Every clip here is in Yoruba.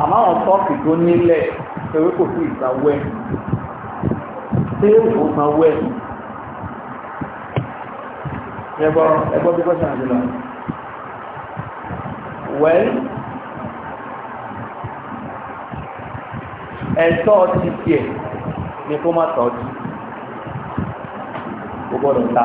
àmọ́ àwọn tọ́ọ̀kì tó nílẹ̀ pẹ̀lú kò sí ìsàwẹ́ tí ó máa wẹ́ ẹgbọ́ bí kọ́sàn àjọ lọ wẹ́l ẹ̀tọ́ ti tiẹ̀ ni kó má tọ́jú gbogbo ọ̀dọ̀ ta.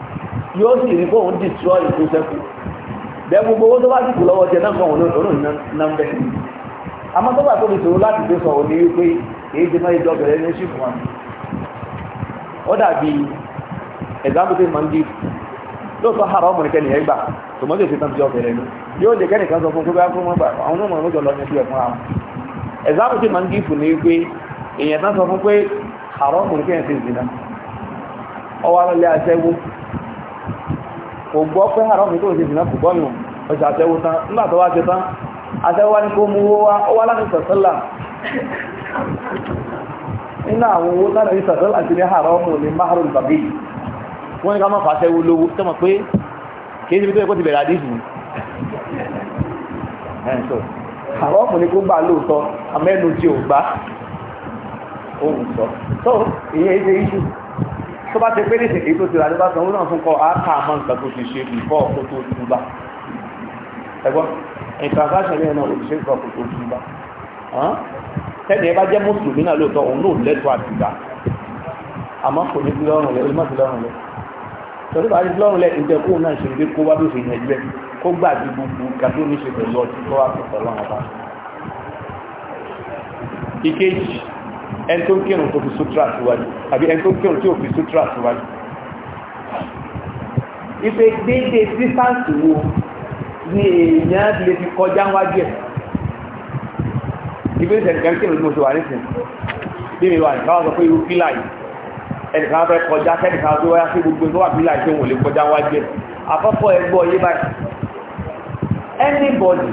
yóò sì rí fóun dìtrọ́ ìkú sẹ́kù bẹ́ẹ̀ gbogbo tó bá sì kù lọ́wọ́ jẹ náà kan òun náà ń bẹ̀ tó bá tóbi ṣòro láti gbé sọ̀rọ̀ ní wípé èyí ti máa ní wa ó dàbí ẹ̀zámpù tó máa ń gbé lóòótọ́ àrà ọmọ nìkẹ́ nìyẹn gbà tó mọ́tò ìṣe tán jọ bẹ̀rẹ̀ ní yóò lè kẹ́nìkan sọ fún mọ́gbà àwọn lọ fún kò gbọ́ pé àrọ́ mi tó ṣe jìnà kò gbọ́ yùn ọjà àtẹ́wò tán nígbà tó wá ṣe tán àtẹ́wò ní kó mú wá láti àwọn owó ti ní àrọ́ mú ní máhàrùn tàbí wọ́n ní ká má fà lówó tó pé kì í ṣe kó ti bẹ̀rẹ̀ mú ní kó gbà tó bá ti pé ní ìsìnkú tó ti rà nípa sanwó náà fún kọ áká àmọ́ nǹkan tó ti ṣe ìfọ́ ọ̀pọ̀ tó ti bá ẹgbọ́n ìtransaction yẹn náà òṣìṣẹ́ ìfọ́ ọ̀pọ̀ tó ti bá tẹ́lẹ̀ ẹ bá jẹ́ mùsùlùmí náà lóòótọ́ òun náà lẹ́tọ̀ àtìgbà àmọ́ kò ní lọ́rùn lẹ́ olùmọ̀ sí lọ́rùn lẹ́ tọ́lú bá ti lọ́rùn lẹ́ ìjẹ́ kó náà ṣe ìdí kó wá bí òṣèlú ẹgbẹ́ kó gbà ju gbogbo kàdó ní ṣe pẹ̀lú ọtí tó wà pẹ̀lú ọlọ́run ọba ìkejì ẹni tó ń kírun tó fi sutura síwájú àbí ẹni tó ń kírun tí ò fi sutura síwájú ife déédéé dísáǹsì wo ni èèyàn lè fi kọjá wájú ẹ̀ ife ìṣẹ̀lẹ̀ kírun tí mo ṣe wà nísìnyí bí mi wà ní káwọn sọ pé irú fílà yìí ẹnìkan fẹ́ kọjá kẹ́nìkan tó wáyá sí gbogbo tó wà fílà yìí tó wọ́n lè kọjá wájú ẹ̀ àkọ́kọ́ ẹgbọ́ yé báyìí anybody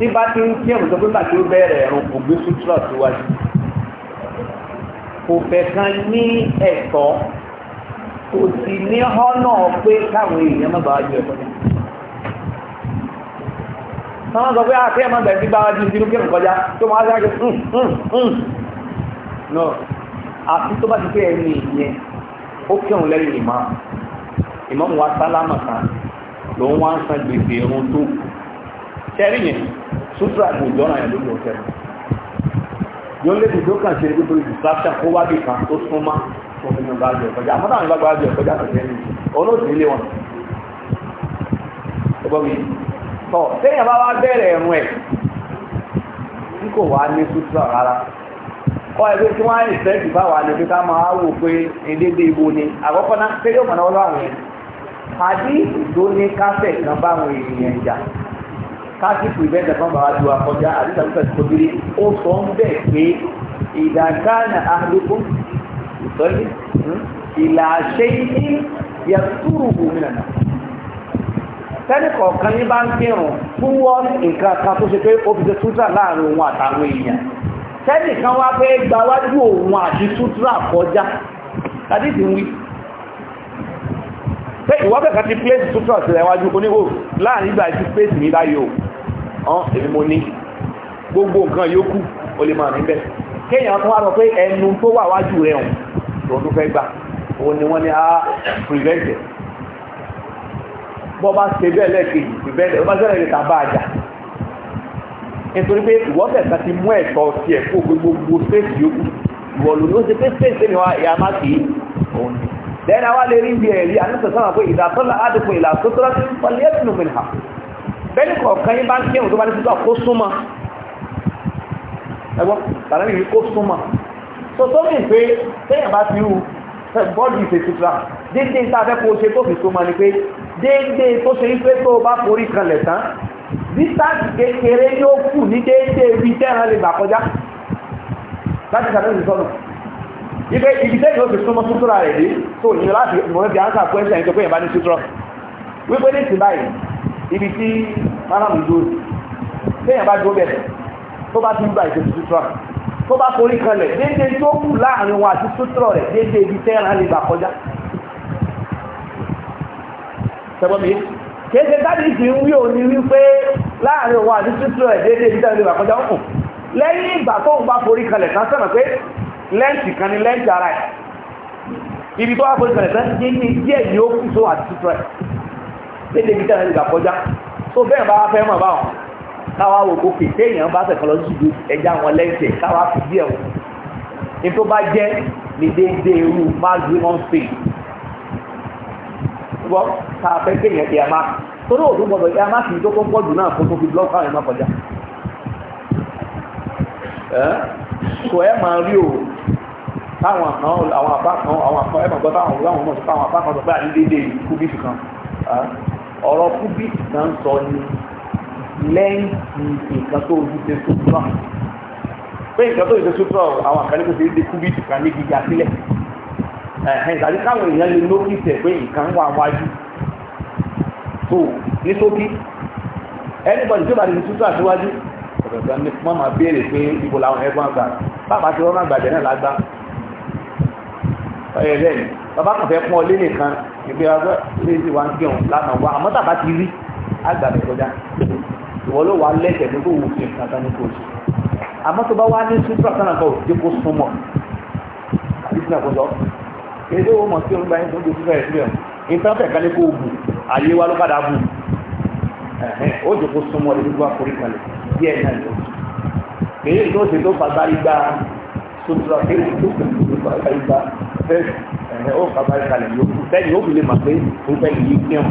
tí bá ti ń kí ẹ̀rùn tó pípa tí ó bẹ̀rẹ̀ ẹ̀rùn kò gbé sutura síwájú kò fẹ́ kan ní ẹ̀tọ́ kò sì ní ọ́nà pé káwọn èèyàn má bàa ju ẹ̀kọ́ ní. sọ́wọ́n sọ pé àti ah, ẹ̀ má bẹ̀rẹ̀ sí báwájú sínú kí ẹ̀rùn kọjá tó máa sáré hmm, hmm, hmm. no àti tó bá ti pé ẹni ìyẹn ó kírun lẹ́yìn ìmọ̀ ìmọ̀ wa sálámà kan lòun wá ń san gbèsè ẹ̀rùn tó kù yẹn sutura kò jọ náà yẹn lórí ọ̀tẹ́ yóò lé ibùdó kan ṣe nítorí distraction kó wá bì kan tó súnmọ́ tó fi yàn bá jẹ ọ̀kọ́jà àmọ́ táwọn ìbá gbájú ọ̀kọ́jà kò jẹ́ nìyí olóòtú ilé wọn. ẹgbọ́n mi tọ́ sẹ́yìn bá wá bẹ̀rẹ̀ ẹ̀rùn ẹ̀ tí kò wá ní sutura rárá kọ́ ẹgbẹ́ tí wọ́n á ìfẹ́ jù bá wà ní pé ká máa wò pé edédé ibo ni àkọ́kọ́ náà ṣé yóò mọ̀ náà wọ́n láwọn yẹn àdí ìdó kan báwọn èèyàn jà kásìkò ìbẹ́ẹ̀dà fún bàbá ju àkọjá àdúgbò àdúgbò àti kòkiri ó sọ ń bẹ̀ pé ìdàgánà àdúgbò ìtọ́jú ìlàṣẹ ní yàtúrù òmìnira tẹ́lẹ̀ kọ̀ọ̀kan ní bá ń kírun fún wọ́n nǹkan kan tó ṣe pé ó fi ṣe sútúrà láàrin òun àtàwọn èèyàn tẹ́lẹ̀ kan wá pé gbawájú òun àti sútúrà kọjá tàbí ti pé ìwọ kẹ̀kẹ́ ti pléèsì tó tọ̀ sílẹ̀ wájú oníwò láàrin ìgbà tí pléèsì mi báyìí o ọ̀n èmi mo ní gbogbo nǹkan yòókù o lè máa níbẹ̀ kéèyàn tó wá lọ pé ẹnu tó wà wájú rẹ̀ hàn tó tó fẹ́ gbà òun ni wọ́n ní á ah, prevent it bọ́ bá ṣe bẹ́ẹ̀ lẹ́ẹ̀kejì prevent it bọ́ bá ṣe lẹ́ẹ̀kejì tàbá àjà nítorí pé ìwọ kẹ̀kẹ́ ti mú ẹ̀tọ́ tiẹ̀ kó gbogbo spéèsì yòókù ìwọ̀lù ló ṣe pé spéèsì ni wọ́n yà má kì í òun ni lẹ́yìn àwọn lè rí ibi ẹ̀rí àníṣe sọ́nà pé ìdásọ́lá àdìpọ̀ ìlà sótúrọ́ ti ń pọ̀lì ẹ̀sìn òmìnir ha bẹ́ẹ̀ni kọ̀ọ̀kan yín bá ń kírun tó bá ní títọ́ kó súnmọ́ ẹgbọ́ tàbí ìrí kó súnmọ́ tó tó mì pé téèyàn bá ti rú bọ́ọ̀dì ìṣe tuntun déédéé tá a fẹ́ kó ṣe tó fi súnmọ́ ni pé déédéé tó ṣe wípé tó o bá forí kanlẹ̀ tán dísáàtì kékeré yóò kù ní déédéé ibi tẹ́ran lè gbà kọjá láti sàbẹ̀sì sọ́nà ibẹ̀ ibi tẹ́lẹ̀ ó fi súnmọ́ sútúrà rẹ̀ dé tó ní láti mọ̀rẹ́ bí ánsà fún ẹ̀sẹ̀ ìjọpẹ́ ìbá ní sútúrà wípé ní ìsìn báyìí ibi tí márùn-ún dúró téèyàn bá dúró bẹ̀rẹ̀ tó bá tún gba ìṣẹ́ sútúrà tó bá forí kanlẹ̀ déédéé tó kù láàrin wọn àti sútúrà rẹ̀ déédéé ibi tẹ́ran lè gbà kọjá sẹ́gbọ́mí kéèké tábìlì ti ń wí òní wípé láàrin wọn àti sútúrà rẹ̀ déédéé ibi tẹ́ran lè gbà kọjá lẹ́yìn ìgbà tó ń bá forí kanlẹ̀ kan sọ̀rọ̀ pé lẹ́ǹtì kan ní lẹ́ǹtì ara ẹ̀ ibi tó wáá fọ́sẹ̀rẹ̀ sẹ́ ní ní díẹ̀ ní ó kù tó àti tuntun ẹ̀ léde ibi tẹ́lẹ̀ ìgbà kọjá tó bẹ́ẹ̀ bá fẹ́ mọ̀ báwọn káwá wò kó kè téèyàn bá sẹ̀kọ́ lọ sí ìlú ẹja wọn lẹ́ǹtì káwá fi díẹ̀ wọn ní tó bá jẹ́ ní déédé irú maximum speed gbọ́ ká fẹ́ kéèyàn kì í àmà tó ní òtún gbọdọ̀ kì í àmà kì tó tó ń pọ̀ jù náà so ẹ máa rí o táwọn kan àwọn apá kan àwọn apá ẹ máa gbọ́ táwọn ọ̀gbọ́n náà sọ pé àwọn apá kan sọ pé àní dédé kúbíìtì kan ọ̀rọ̀ kúbíìtì kan sọ ni lẹ́yìn nǹkan tó ojú ṣe sútúrọ̀ pé nǹkan tó ojú ṣe sútúrọ̀ àwọn àkànní kò ṣe é dé kúbíìtì kan ní gíga sílẹ̀ ẹ̀hẹ́n tàbí káwọn èèyàn lè lókìtẹ̀ pé nǹkan wà wájú tó ní sókí ẹnìbọ̀dì ọ̀sán ní wọ́n máa béèrè pé ibo làwọn ẹgbọ́n àgbà bàbá tí wọ́n máa gbàjẹ́ náà lágbá ọ̀yẹ̀ bẹ́ẹ̀ ni bàbá kan fẹ́ pọ́n ọlé nìkan ìgbé ọgbẹ́ ilé ìsìn wa ń gbé òun lánàá wa àmọ́ tàbá ti rí àgbàdo kọjá ìwọ ló wà lẹ́sẹ̀ tó kó wù fi nǹkan kan ní kò sí àmọ́ tó bá wá ní súpra kan náà kọ̀ dé kó súnmọ́ àbí sínú àkójọ kéde ó mọ̀ súnmọ́ ẹ̀ nígbà forí kalẹ̀ díẹ̀ náà lọ kèé tó ṣe tó fagbárí gbá sótúrọ kèé tó ṣe tó fagbárí gbá fẹ́ẹ̀ ẹ̀hẹ́ ó fagbárí kalẹ̀ yòókù bẹ́ẹ̀ ni ó fi lè mà pé ó fẹ́ lè yí kíọ̀n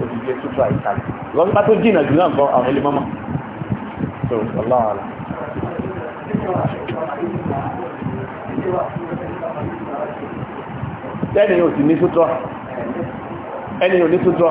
ó ti jẹ́ sótúrọ àìkalẹ̀ lọ́sí bá tó jìnà jù náà gan àwọn ilé mọ́mọ́ tó ọlọ́ọ̀lá. tẹ́ni ò sì ní sótúrọ ẹni ò ní sótúrọ.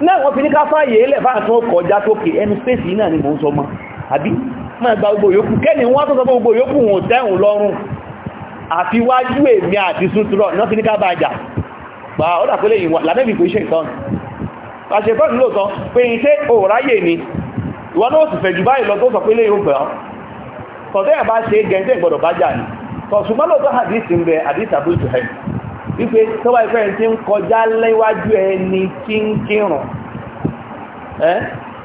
náà wọ́n fi ní ká fàyè ilẹ̀ fáà tó kọjá tó kè ẹnu spéèsì náà ni mò ń sọ mọ́ àbí máa gba gbogbo yòókù kẹ́ni wọ́n tó sọ gbogbo yòókù wọn tẹ́hùn lọ́rùn àfi wájú èmi àti sútúrọ̀ náà fi ní ká bá jà gbà ó dà pé lẹ́yìn wà lábẹ́bì kò ṣe ìtọ́nù àṣẹ ìtọ́nù lóòótọ́ pé n ṣe òráyè ni ìwọ náà sì fẹ̀ jù báyìí lọ tó sọ pé lẹ́yìn ó gbà ọ́ tọ̀tẹ́yà bá ṣe gẹ̀ẹ́sẹ̀ gbọ́dọ̀ bá jà ni tọ̀ṣùgbọ́n lóòótọ́ àdìsí ń bẹ àdìsí àbúrò wípé tọ́wà ìfẹ́ ẹ̀ tí ń kọjá lẹ́wájú ẹni tí ń kírùn ẹ́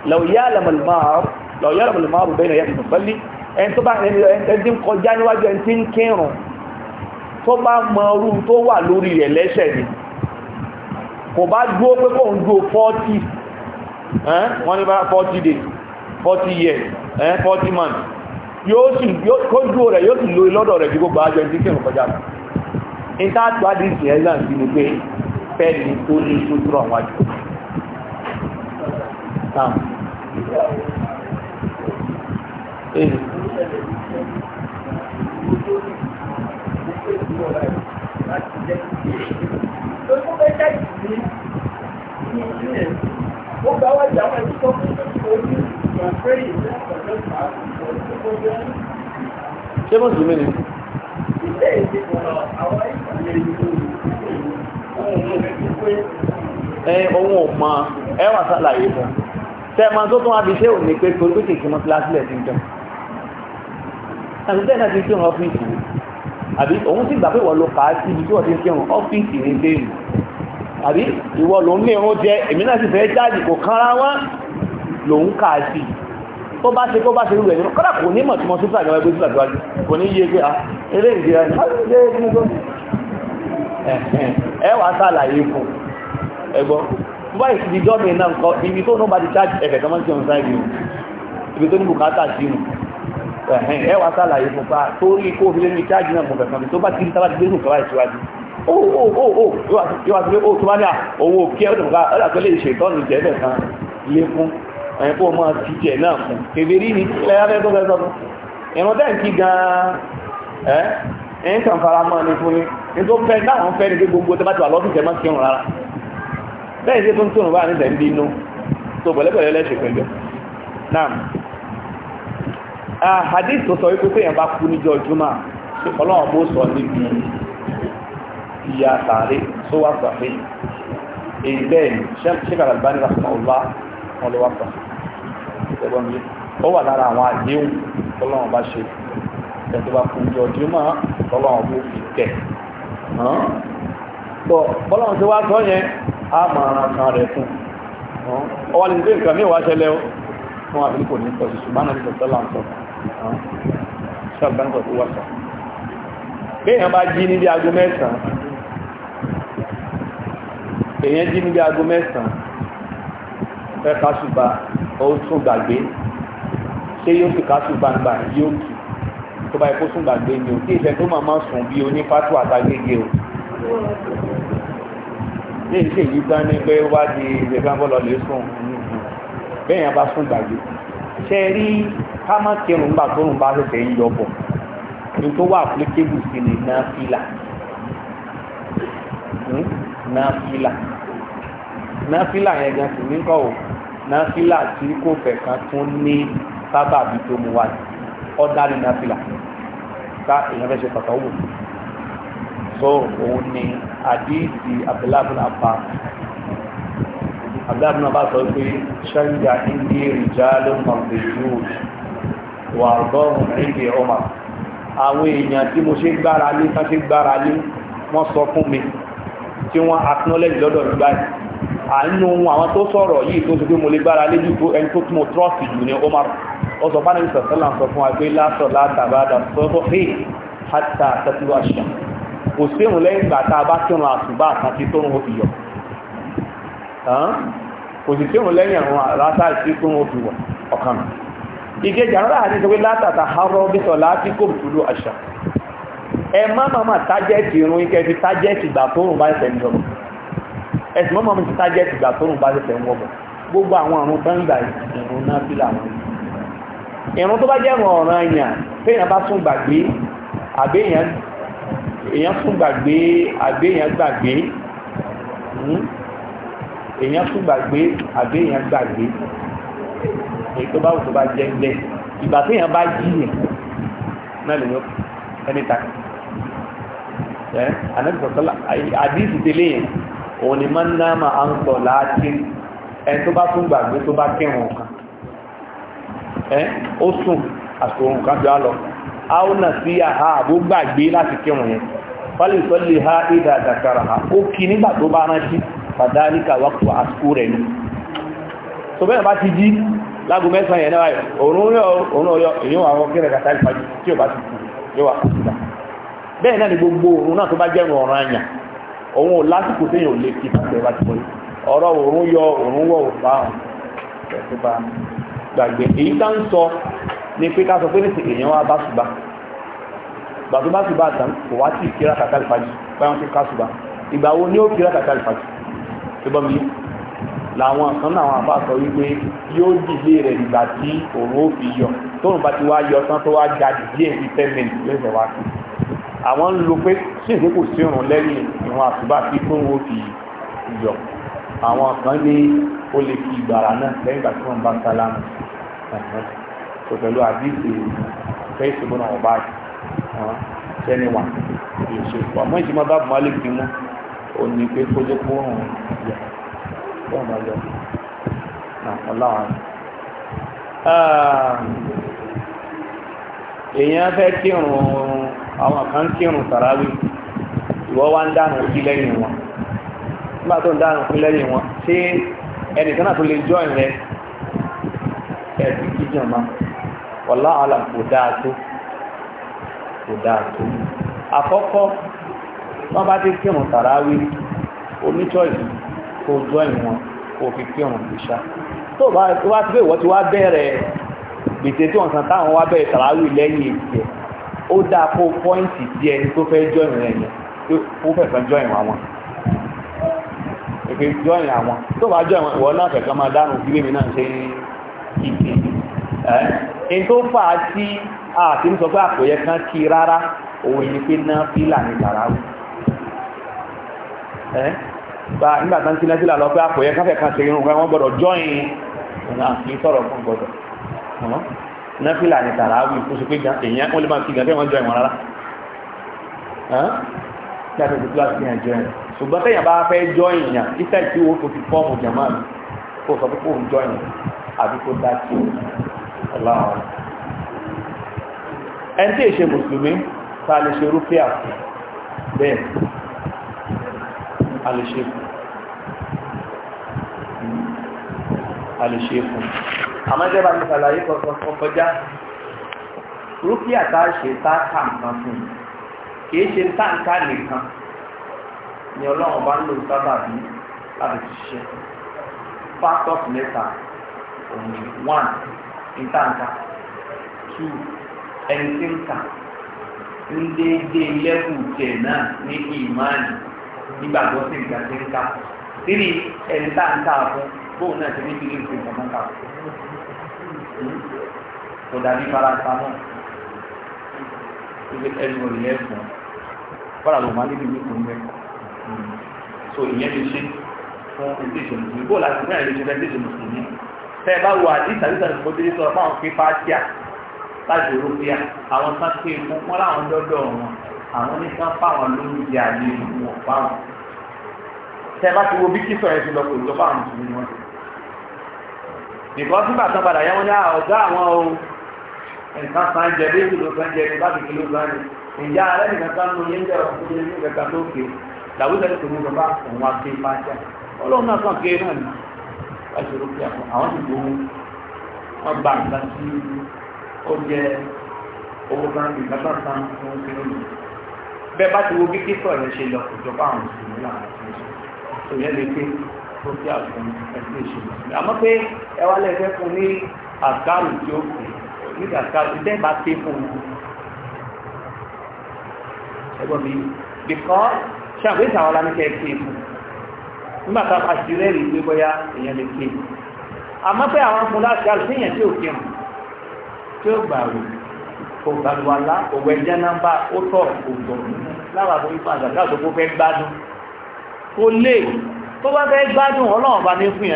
lọ́yà lọ́mọlùmọ́rù bẹ́ẹ̀ yẹ́ ìtọ̀sọ́lí ẹni tó bá ẹni tí ń kọjá níwájú ẹni tí ń kírùn tó bá mọ orú tó wà lórí rẹ̀ lẹ́ṣẹ̀ ni kò bá dúó pé kò ń dúó 40 wọ́n ní bá 40 days 40 years 40 months yóò sì kó dúó rẹ̀ yóò sì lórí lọ́dọ̀ rẹ̀ bí gbogbo àjọ ẹni tí kírùn kọjá lọ ìtàtù àdìsí ẹ̀zà sí ni pé fẹ́ni tó ní ṣútúrọ̀ wájú Ó gbá wájú àwọn ẹ̀sùn tó kí ó ní ìgbà pé ìrìnlẹ́ ọ̀dọ́ ìgbà àti ìgbà tó kọjá. Ṣé mọ̀ sí ni? ohun ọ̀mọ̀ ẹwà sálàyé fún tẹ́ẹ̀mà tó tún àbíṣẹ́ ò ní pé torípìtì kí wọ́n ti lásìlẹ̀ sí jọ àti tẹ́ẹ̀nà ti kírun ọ́fíìsì àbí òun sì gbà pé ìwọ ló kà á sí ibi tí wọ́n ti kírun ọ́fíìsì ní bẹ́ẹ̀lì àbí ìwọ ló ń ní irun jẹ èmi náà sì fẹ́ jáde kò kánra wọn lòun kà á sí i tó bá ṣe tó bá ṣe rúgbẹ̀ nínú kọ́dà kò ní mọ̀ tí mo tún sàgbà ẹgbẹ́ sílẹ̀ síwájú kò ní yé pé a ah, eré ìgbéra ni ẹ wà á sàlàyé fún ẹgbọ́ bá ìsìdí jọ́mi náà ń kọ́ ibi tó nobody charge ẹ̀fẹ̀ kan máa ń ṣe ọ̀nà sáyé nù ibi tó ní bùkátà sí nù ẹ wà á sàlàyé fún pa ah, tó rí kó fi lé ní charge náà mo fẹ̀ kan tó bá ti rí sábà ti gbé nù kọ́wá ìṣíwájú ó ó ó ó yóò wá sí pé ó oh, tó bá ní à ah, òun ò kí ẹ ó dẹ̀ bùkátà ó dà pé lè ṣètọ́nù jẹ́ bẹ̀ kan lé fún ẹ̀kọ́ ọmọ ti jẹ̀ náà fún kèbèrí ní lẹ́yàfẹ́ tó fẹ́ sọ́tún ẹ̀rọ tẹ́ ń kí gan-an ẹ́ ẹ̀yìn kan fara mọ́ ní fún ní tó fẹ́ dáwọn fẹ́ ní pé gbogbo tẹ́ bá ti wà lọ́sùn tẹ́ má kírun rárá bẹ́ẹ̀ sí tó ń tóun báyìí tẹ̀ ń bí inú tó pẹ̀lẹ́pẹ̀lẹ́ lẹ́sẹ̀ pẹ̀lú náà hadith tó sọ wípé téèyàn bá kú níjọ́ juma ọlọ́run bó sọ níbi ìyá sàárè tó wà sàfihàn èyí bẹ́ẹ̀ ni Sheikh Al-Albani rahimahullah wọn ló wà ẹ̀gbọ́n mi ó wà lára àwọn àdéhùn tọ́lọ́wọ́n bá ṣe ẹni tó bá kú ní ọdún mọ́ tọ́lọ́wọ́n bó fi tẹ̀ tọ́ bọ́lọ́wọ́n ti wá tọ́ yẹn á mọ ara kan rẹ̀ fún ọ wà ní ilé nǹkan mi wá ṣẹlẹ̀ ó fún àbí kò ní sọ ṣùgbọ́n náà ní sọ tọ́lá sọ ṣàgbáńsọ̀ tó wà sọ béèyàn bá jí níbi aago mẹ́sàn-án èèyàn jí níbi aago mẹ́sàn-án fẹ́ ká ṣùgbọ́n ó tún gbàgbé ṣé yóò fi kásù gbangba yóò kì tó bá yẹ kó tún gbàgbé ni o tí ìfẹ́ tó máa máa sùn bí onífàtú àtàgége o ní ìṣe yìí gbá ní pé wá di ilẹ̀ gbàgbọ́lọ̀ lè sùn bẹ́ẹ̀ yẹn bá sùn gbàgbé ṣe rí ká má kírun nígbà tó ń bá ṣẹ̀ṣẹ̀ ń yọ bọ̀ ní tó wà applicable sí ni náà hmm? fìlà náà fìlà náà fìlà yẹn gan sì ní kọ́ o. Nafila, tí kò fẹ́ kan tún ní sábàbí tó mú wáyé ọ̀dà ní náfìlà ká èèyàn fẹ́ ṣe pàtàkì wò so òun ni àdíìsì abdullahi abba abdullahi abba sọ pé ṣẹ́ńdà ìdí rìjálù mọ̀gbẹ̀jú wà ọgọ́rùn-ún ìdí ọmọ àwọn èèyàn tí mo ṣe gbára lé tán ṣe gbára lé wọ́n sọ fún mi tí wọ́n acknowledge lọ́dọ̀ mi báyìí àánú àwọn tó sọ̀rọ̀ yìí tó ti mo lè gbára léjù tó ẹni tó tún mo trọ́ọ̀sì jù ní Umar ó sọ bá nàbí sọ̀sọ́là sọ fún wa pé lásọ̀ látàbádà sọ́tọ̀ hì hátà tẹ́tíwá ṣà kò sírun lẹ́yìn ìgbà tá a bá kírun àsùbá àti tó ń fi yọ kò sì sírun lẹ́yìn àwọn àrátà ìsí tó ń fi wọ̀ ọ̀kan ìkejì àwọn sọ pé látàtà harọ́ bí láti kò tùlù àṣà ẹ má má má tájẹ́ẹ̀tì irun ikẹ́ fi tájẹ́ẹ̀tì ìgbà tó rùn bá ẹsẹ̀ ìjọba ẹ̀sìn mọ́mọ́ mi ti tájẹ́ ìgbà tó rùn bá ṣẹ̀ṣẹ̀ ń wọ́pọ̀ gbogbo àwọn àrùn gbangba ìrùn náà fi làwọn ìrùn tó bá jẹ́ ìrùn ọ̀ràn èèyàn téèyàn bá sùn gbàgbé àbí èèyàn sùn gbàgbé àbí èèyàn gbàgbé hmm? èèyàn sùn gbàgbé àbí èèyàn gbàgbé èyí tó bá wù tó bá jẹ́ ń bẹ́ ìgbà téèyàn bá jí yẹn náà lè yọ ẹni ta ẹ ànábìsọ̀tọ́lá àdìsí tẹ́lẹ̀ yẹn òun ni máa a ná máa ń sọ láti ẹni tó bá tún gbàgbé tó bá kẹrùn kan ẹ ó sùn àsìkò òun kan jọ lọ áwùnà sí àhá àbó ha ìdá àdàkàrà ha ó kí nígbà tó bá rántí fàdáríkà wákò àsìkò rẹ̀ ni tó bẹ́ẹ̀ bá ti jí mẹ́sàn yẹn náà òun yọ òun yọ àwọn kàtàlì tí ò bá ti kú yóò wà kùsùdà bẹ́ẹ̀ náà ni gbogbo òun náà tó bá ọ̀ràn òun ò lásìkò téèyàn ò lè kí pàṣẹ bá ti wọlé ọ̀rọ̀ òun yọ òun wọ̀ òun bá òun ẹ̀sìn bá gbàgbé èyí tá ń sọ ni pé ká sọ pé nìsín èèyàn wá bá ṣùgbà gbàtó bá ṣùgbà àtàn kò wá sí ìkírà kàkà ìfàjì báyọ̀ tó ká ṣùgbà ìgbà wo ni ó kírà kàkà ìfàjì tó bọ́ mi làwọn kan náà àwọn àbá sọ wípé yóò dìde rẹ̀ nígbà tí òun ó fi yọ tóun bá ti wá yọ tán tó wá jáde díẹ̀ bíi ten minutes yóò ṣẹ̀ wá sí àwọn ń lo pé tí èdè kò sí òrùn lẹ́yìn ìwọ̀n àsùbá tí tó ń wo fi yọ àwọn kan ní ó lè fi ìgbàrà náà lẹ́yìn ìgbà tí wọ́n bá sálámù tó pẹ̀lú àdìsí ìfẹ́ ìṣòro náà ọba tẹ́ni wà ìṣe àmọ́ ìṣèmọ́ bá bùnmọ́ lè fi mú ó ní pé kó jẹ́ kó òrùn yọ kó òrùn bá yọ náà ọláwàá èèyàn fẹ́ kírun àwọn kan kírun tàràwí ìwọ wá ń dànù sí lẹ́yìn wọn nígbà tó ń dànù sí lẹ́yìn wọn ṣé ẹnìkan náà tó lè jọ ìrẹ ẹbí jíjàn máa ọ̀la kò dáa tó kò dáa tó àkọ́kọ́ wọ́n bá ti kírun tàràwí oníṣọ́ọ̀sì kò jọ ìwọ̀n kò fi kírun ìṣá tó bá ti pé ìwọ́n ti wá bẹ̀rẹ̀ gbèsè tí wọ́n san táwọn wá bẹ̀rẹ̀ tàràwí lẹ́yìn èsì ẹ̀ ó dáa kó pọ́ìntì díẹ̀ tó fẹ́ jọ ìrìn ẹ̀yìn pé ó join jọyìn àwọn èké jọyìn àwọn tó bá jọyìn ìwọ náà fẹ̀kan máa dánù bí lèmi náà ṣe ìpè ẹ̀ tó fà á sí àti ń sọ pé àpòyẹ kan kí rárá òun ni pé náà fílà ní tàràwù ẹ̀ nígbà tán kí náà fílà lọ pé àpòyẹ kan fẹ̀kan ṣe irun kan wọ́n gbọ́dọ̀ jọyìn ìrìn àti sọ̀rọ̀ fún gbọ́dọ̀ náà fílà ní tàràwù kó ṣe pé èèyàn ó lè máa fi gàdé wọn jọyìn wọn rárá tí a fẹ́ fi kíláàsì yẹn join ṣùgbọ́n tẹ̀yàn bá fẹ́ join yàn títà tí owó tó fi fọ́ọ̀mù jàmá mi kó sọ pé kó ń join àbí kó dá sí ọláwọ̀ ẹni tí èṣe mùsùlùmí ta lè ṣe rúpíà bẹ́ẹ̀ a lè ṣe fún a lè ṣe fún àmọ́jẹ́bà ti ṣàlàyé kọ̀ọ̀kan kọjá rúpíà tá a ṣe tá a kà nǹkan fún un kìí ṣe táǹkà nìkan ni ọlọ́run bá ń lò sábà bí láti ṣiṣẹ́ factor of mẹ́ta òní one ní táǹkà two ẹni tí ń kà ń déédéé lẹ́kùn tẹ̀ náà ní ìmáàlì nígbàgbọ́ sí ìgbà tí ń kà three ẹni táǹkà fún bóun náà ti ní kí ní ìgbà ń kà hmm? kò dàbí paracetamol ìgbà ẹnu ò lè kọ́ra ló máa níbi ìlú ìlú so ìyẹn ti ṣe fún ìdíje mùsùlùmí bó láti fún ìdíje fún ìdíje mùsùlùmí tẹ́ ẹ bá wo àdìsá àdìsá tó kó délé sọ̀rọ̀ fáwọn pé fásíà láti rúbíà àwọn kan pé fún wọn láwọn dọ́dọ̀ wọn àwọn nìkan fáwọn lóúnjẹ àlè wọn fáwọn tẹ́ ẹ bá ti wo bí kí sọ̀rọ̀ ẹ̀sìn lọ kò tó fáwọn mùsùlùmí wọn nìkan sígbà tán padà yẹ wọn ní ah, àwọn o nǹkan san jẹ ìjà rẹ nìkan kan ló yẹn jẹrọ fún mi nìkan kan lókè làwùjọ ní tòun bàbá òun ni wọ́n ṣe lókè àwọn àwọn ti gbowó wọ́n gba nǹkan tí ó jẹ owó kan nǹkan tó san fún kéré mi bẹ́ẹ̀ bá ti wo bí kíkọ́ rẹ ṣe lọ kò jọba àwọn òṣèlú làwọn ti ń sọ ìyẹn lè pé tó kí àfún ẹgbẹ́ ìṣèlú àmọ́ pé ẹwà lẹ́fẹ́ fún ní àkárù tí ó kù nígbà àkárù ìdẹ́gbà tẹ́ fún ẹgbọ́n mi bìkọ́ ṣàpé ìtàwọn lámẹ́kẹ́ ké fún nígbà tá a bá ṣe rẹ́rìí pé bóyá èèyàn lè ké àmọ́ pé àwọn fún láti àlùfíyàn tí ò kírun tí ó gbà rò kò gbàlùwàlá òwò ẹ̀jẹ̀ nọ́mbà ó tọ̀ kò tọ̀ lára àbúrò ìfọ̀ àgbàgbà tó kó fẹ́ gbádùn kò lè tó bá fẹ́ gbádùn ọlọ́run bá ní fún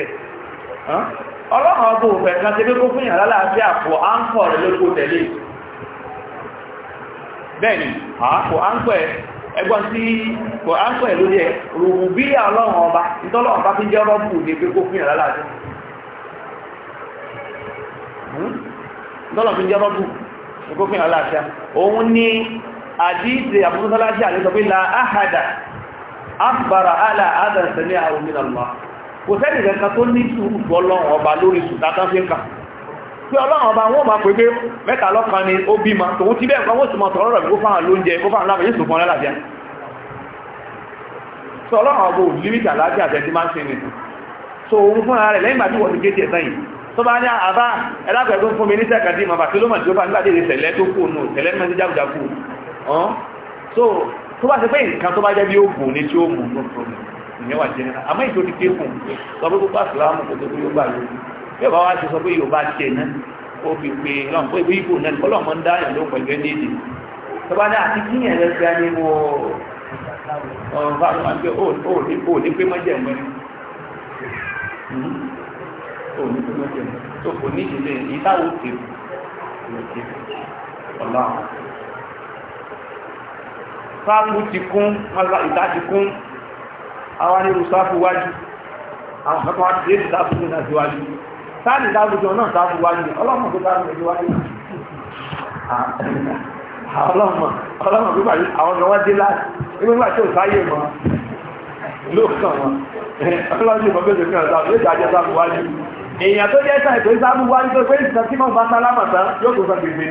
yẹn ọlọ́run ọgbọ́ òfẹ́ kan ti gbégbó fún ìyàrá láàáfíà fò áńkọ̀ rẹ̀ lókò tẹ̀lé bẹ́ẹ̀ni àápò áńkọ̀ ẹgbọ́n tí kò áńkọ̀ ẹ̀ lórí rùrù bí ọlọ́run ọba ìtọ́lọ́run bá fi jẹ́ rọ́bù hmm? la kò sẹ́ni kankan tó ní sùúrù fún ọlọ́run ọba lórí sùn tátán fi ń kà pé ọlọ́run ọba wọn máa pè pé mẹ́ta lọ́kan ni ó bímọ tòun ti bẹ́ẹ̀ nǹkan wọ́n sì mọ tọ̀rọ̀ rẹ̀ kó fáwọn lóúnjẹ kó fáwọn lábẹ́ yóò fún ọlọ́lábíà sọ ọlọ́run ọba ò límítì àlàáfíà tẹ́ ti máa ń ṣe nìkan so òun fúnra rẹ̀ lẹ́yìn ìgbà tí wọ́n ti gé tiẹ̀ sẹ́yìn tó bá ní àbá ẹlápẹ̀ẹ́gún fún mi ní sẹ́kàdí ma bà tí ló mọ̀ tí ó bá nígbàdé ìṣẹ̀lẹ̀ tó kú nù tẹ̀lẹ́ mẹ́rin jábùjá kú ọ́n so tó bá ti pé nǹkan tó bá jẹ́ bí ó gùn ní tí ó ìyẹn wà jẹ́ nínú àmọ́ ìjọ ti ké fún un sọ pé gbogbo àsìlámù kò tó kó yóò gbà lórí bí ọba wa ṣe sọ pé yorùbá tiẹ̀ náà ó fi pe lọ́n pé ìwé ìbò náà kọ́lọ́ mọ́ ń dá yàn ló pẹ̀lú ẹni èdè tọ́ba náà àti kí yẹn lẹ́sẹ̀ á ní wo ọ̀run fáwọn àti ó ní pé mọ́jẹ̀ mọ́ ó ní pé mọ́jẹ̀ mọ́ tó kò ní ìdílé ìtawó tèbù ọ̀la fáwọn ti kún ìta ti kún àwọn anírù sáfù wájú àwọn kan wá dé sáfù ní àti wájú sáàlì dábùjọ náà sáfù wájú ọlọ́mọ tó bá rẹ̀ wájú ọlọ́mọ ọlọ́mọ tó bá rẹ̀ àwọn ọmọ dé láti ibi nígbà tí ò sáyé mọ́ ló kàn wọn ọlọ́mọ tó bá rẹ̀ sáfù yóò dájọ́ sáfù wájú èèyàn tó jẹ́ sáà ìpè sáfù wájú tó pé ìsìnkà tí wọ́n bá sálámà tán yóò tó sọ gbèsè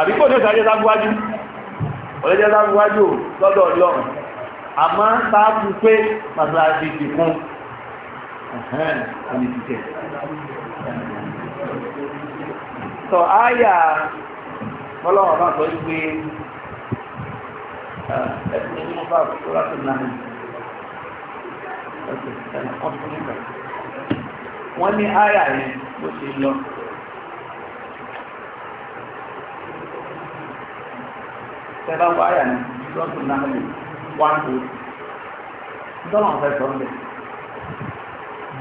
àbíkò ní ò sáyé wájú ọ̀lẹ́jẹ́ sáfù wájú lọ́dọ̀ ọlọ́run àmọ́ sáàbù pé pàtàkì ti kún ọ̀hún ìtìtẹ̀ sọ áyà bọ́lọ́wọ́ bá sọ wípé ẹ̀sìn ní bá sọ́ra tó náà wọ́n ní áyà yẹn ló ṣe lọ tẹ́lá wọ áyà ní lọ́tún náà lè one eight nítorí àwọn fẹ́ sọ ń bẹ̀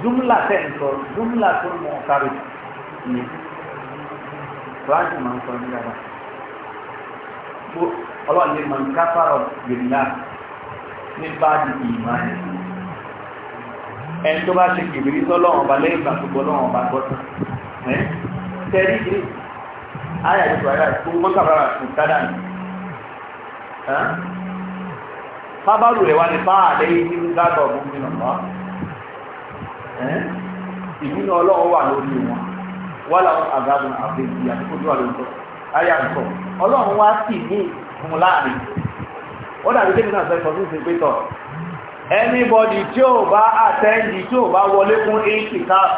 jumla tẹ̀ ń sọ jumla tó mọ̀ kárí ni kíláàsì máa ń sọ ní yàrá ọlọ́run lè máa ń káfàrọ̀ gbèlá ní báàdì ìmọ̀ ẹ̀ ẹni tó bá ṣe kìbìrì sọ́lọ́wọ́n ọba lẹ́yìn ìgbà tó gbọ́ lọ́wọ́n ọba gbọ́tàn tẹ́rí ìdílé ayé àti ìgbà yára sábàrù rẹ̀ wá ní bá àlẹ́ yìí ń dágbà ọ̀gbọ́n mi nàmọ́ ìbínú ọlọ́run wà lórí wọn wọ́n làwọn àgbàbọ̀ àbẹ̀bí àdúgbò tó wà lórí tọ́ ayé àtúntọ̀ ọlọ́run wá sì ní ìfún láàrin ó dàbí tẹ́lẹ̀ náà sẹ́kọ̀ọ́ tó ń ṣe pé anybody tí ò bá àtẹ́ǹdì tí ò bá wọlé fún eighty cap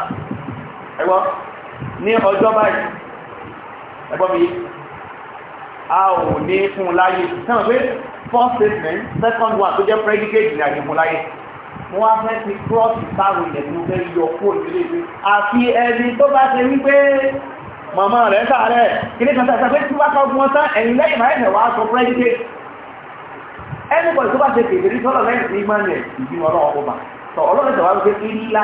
ẹgbọ́ ní ọjọ́ báyìí ẹgbọ́ mi a ò ní fún láyé sẹ́wọ̀n pé first statement second one tó jẹ́ predicate ní àjẹmọ́ láyé wọ́n á fẹ́ ti cross ìtàrò ilẹ̀ tó fẹ́ yọ kúrò nílé ìwé àfi ẹni tó bá ṣe wípé màmá rẹ̀ sàárẹ̀ kìnnì kan sàṣà pé tí wá kọ́ wọn tán ẹ̀yìn lẹ́yìn máa ẹ̀fẹ̀ wá sọ predicate ẹnìkan tó bá ṣe kèdè ní sọ́lọ̀ lẹ́yìn sí imá nẹ̀ ìbímọ ọlọ́wọ́ kó bá sọ ọlọ́run tẹ̀wá wípé ńlá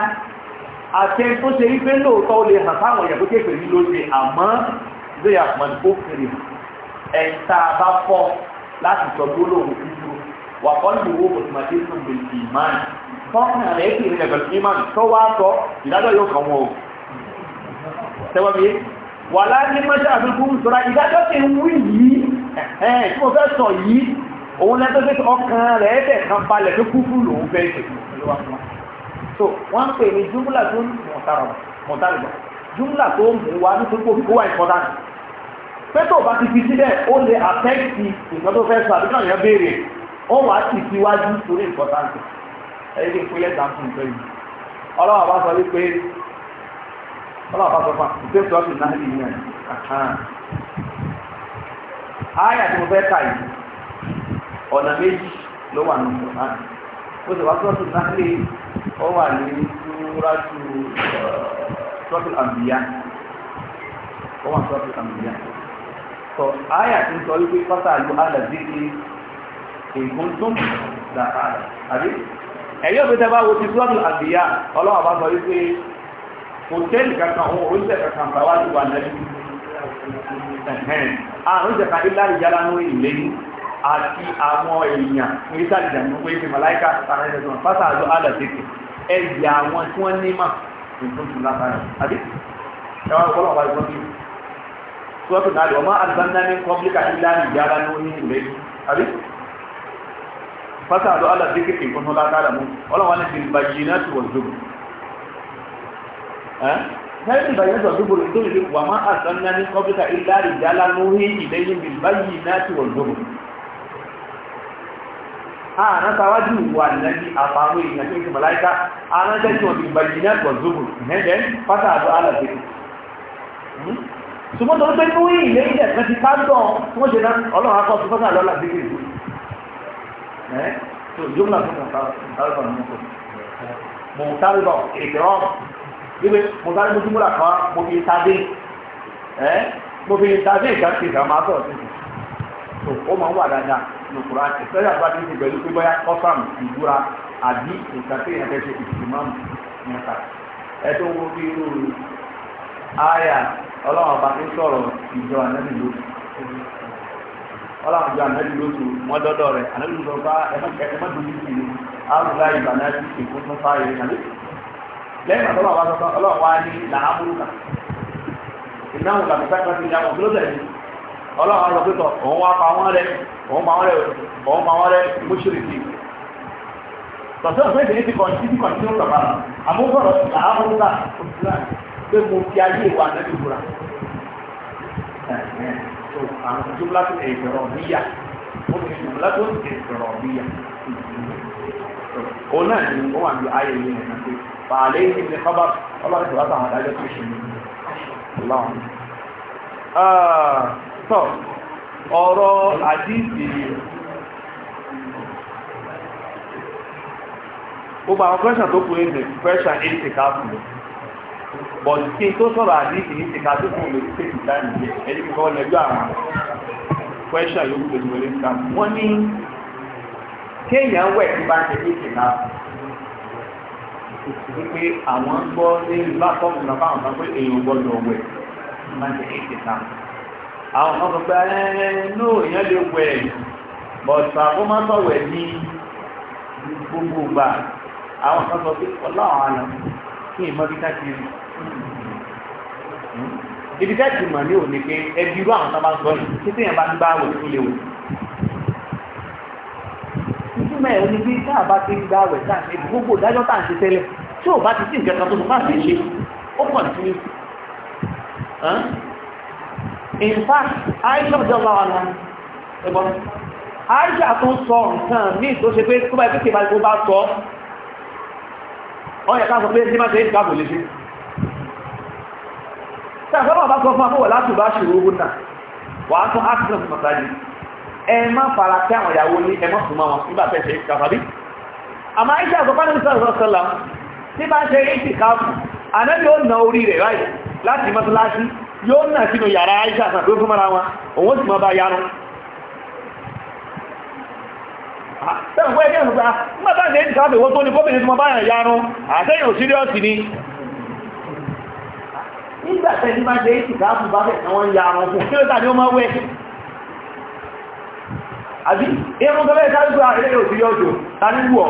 àti ẹni tó ṣe wípé lóòótọ́ ó lè hàn fáwọn èèyàn tó lóṣè àmọ́ lóyà mọ̀ ní ó fèrè ẹ̀ta bá fọ́ láti sọ gbólóhùn kíkú wà kọ́ńtù wo mọ̀tìmọ̀tì tó bẹ̀rẹ̀ sí ìmáàlì tọ́kùnrin rẹ̀ sì rìn ẹ̀bẹ̀rẹ̀ sí ìmáàlì tó wá sọ ìdájọ́ yóò kàn wọ́n o tẹ́wọ́ mi wà láti mọ́ṣẹ́ àfikún sọ́ra ìdájọ́ ti ń wí yìí ẹ̀ẹ́n tí mo fẹ́ sọ yìí òun lẹ́tọ́ sí ọkàn rẹ̀ ẹ̀ẹ́dẹ̀ kan balẹ̀ tó kú fún lòun fẹ́ ṣe so wọ́n ń pè ní júmùlà tó ń mọ̀tàrà júmùlà tó ń mú wa nítorí pé òkú wà ní pẹ́tọ̀ bá ti fi síbẹ̀ ó lè àfẹ́kì nǹkan tó fẹ́ sọ àbí náà yẹn béèrè ó wà á ti fi wájú torí ìpọ́táǹtì ẹ̀yẹ́ kí n pínlẹ̀ dàmú nǹkan yìí ọlọ́wọ́ bá sọ wípé ọlọ́wọ́ bá sọ fún àkùté sọ́ọ̀tì náà yìí yẹn ààyè àti mo fẹ́ kà yìí ọ̀nà méjì ló wà nù sọ̀rọ̀ náà ó sì wá sọ́ọ̀tì náà lè ó wà ní túrájú sọ́ọ̀tì àbíyá sọ àyà tí ń sọ wípé pátá àlú alàzíkì ègún tó ń dà àrà àbí ẹ̀yọ́ pé tẹ́ bá wo ti sọ́dún àbíyá ọlọ́wà bá sọ wípé hòtẹ́ẹ̀lì kankan òun oríṣẹ́ kankan bá wá sí wà lẹ́nu àrùn ìjẹ̀ka ilá ìjálá ní ilé àti àwọn èèyàn ní ìsàlìjà ní pé ìfẹ́ màláìka àrẹ ìjẹ̀sùn pátá àlú alàzíkì ẹ̀yà àwọn tí wọ́n ní mà ìgbóntù látara àbí ẹwà ọ̀pọ̀lọpọ̀ àìsàn sọ́tù náà lọ́mọ́ alìbánnámi kọ́blíkà ìlànà ìyára ní oní ìlú àbí fásitì àdó alàdékè nǹkan tó lágbára mú ọlọ́wọ́n ní ti bàyí náà ti wọ̀ zóbù ẹ́ ti bàyí náà ti wọ̀ zóbù rẹ̀ tó lè wà má alìbánnámi kọ́blíkà ìlànà ìyára ní oní ìlú bàyí náà ti wọ̀ zóbù ààrẹ tàwájú wà nàbí àpamọ́ èèyàn tó ń ti mọ̀láíká náà tọ̀ zóbù ẹ̀ẹ́dẹ́ ṣùgbọ́n tó ń pé ní ilé ilé ẹ̀sán ti ká dán tí wọ́n ṣe náà ọlọ́run akọ sí fọ́nà lọ́la bí kìí ẹ́ tó jùmọ̀lá fún mọ̀tàrúbà ní mọ̀tò mọ̀tàrúbà ìdìrọ̀ ibi mọ̀tàrúbà tó múra kan mo fi tàbí ẹ́ mo fi tàbí ìgbà tí ìgbà máa sọ̀rọ̀ títì tó ó máa ń wà dáadáa ní òkúra ìfẹ́lẹ́ àgbà tí ti pẹ̀lú pé bóyá kọ́sàm ìdúra àbí ọlọ́run ọba ń sọ̀rọ̀ ìjọ ànábì lóṣù ọlọ́run ìjọ ànábì lóṣù wọ́n dọ́dọ̀ rẹ̀ ànábì lóṣù ọba ẹ̀mọ́ dùn sí ìlú àrùlá ìgbà náà ti ṣe fún fún fáyé ànábì lẹ́yìn àtọ́lọ́ wa sọ́kọ́ ọlọ́run wa ní làámúrúkà ìnáwó làbùkà kan ti ní àwọn òṣèlú tẹ̀lé ọlọ́run lọ pípọ̀ òun wá pa wọ́n rẹ̀ òun pa wọ́n rẹ̀ òun pa wọ́n rẹ̀ mọ́ṣúrìkì pé mo fi ayé ìwà nẹ́bí búra tó àwọn jùmọ̀lá tó ẹ̀rọ níyà ó fi jùmọ̀lá tó ẹ̀rọ níyà òun náà ni ó wà ní ayé yìí nìyà pé bàálé yìí ni kọ́bá ọlọ́run ìṣòro àtàwọn adájọ́ tó ṣe ní ọlọ́run. tọ́ ah, ọ̀rọ̀ àdìsí gbogbo àwọn pẹ́ṣà tó kù ní pẹ́ṣà eight ká bọ̀dù kí n tó sọ̀rọ̀ àdìsí ní ti ká tó fún mi ṣe ti dáì nìyẹn ẹni kí wọ́n lẹ́jọ́ àwọn fẹ́ṣà yóò wúlò ní wọlé ká wọ́n ní kéèyàn wẹ̀ tí bá ń ṣe ní ìṣẹ̀lá wípé àwọn ń gbọ́ ní bákọ́ọ̀mù náà báwọn kan pé èèyàn gbọ́dọ̀ wẹ̀ tí bá ń ṣe ní ìṣẹ̀lá àwọn kan sọ pé ẹ nóò èèyàn lè wẹ̀ bọ̀tà kó má sọ̀wẹ̀ ní gbogbo gbà àwọn kan sọ pé ọlọ́run àná kí ìmọ̀ bí ká ti rí ibi ká ti mọ̀ ní òní pé ẹbí irú àwọn sábà sọ yìí títí yẹn bá ń bá wẹ̀ tó léwu ìtumọ̀ ẹ̀ ní bí tá a bá ti ń gbá wẹ̀ tá a gbogbo ìdájọ́ tá a ti tẹ́lẹ̀ tí ò bá ti sí nǹkan kan tó fi ṣe ó kàn sí in fact aisha jọba wà náà ẹgbọ́n aisha tó sọ nǹkan míì tó ṣe pé tó bá ẹgbẹ́ kí ìbá ọ̀yẹ ká sọ pé ní máa ṣe ìdíkà kò lè ṣe ṣàfẹ́mọ̀ bá sọ fún akọ́wọ̀ láti bá ṣe owó náà wà á tún access massage ẹ má fara tẹ́ àwọn ìyàwó ní ẹmọ́ súnmọ́ wọn nígbà tẹ́ ṣe ìdíkà fàbí àmọ́ iṣẹ́ àgbọ̀pá ní sọ̀rọ̀ sọ́lá tí bá ṣe ìdíkà fún ànábì ó na orí rẹ̀ láì láti Ah, tẹ́lẹ̀kọ́ àbí irun tó bẹ́ẹ̀ sáré ilé òsíríọ́jò ta ní wọ̀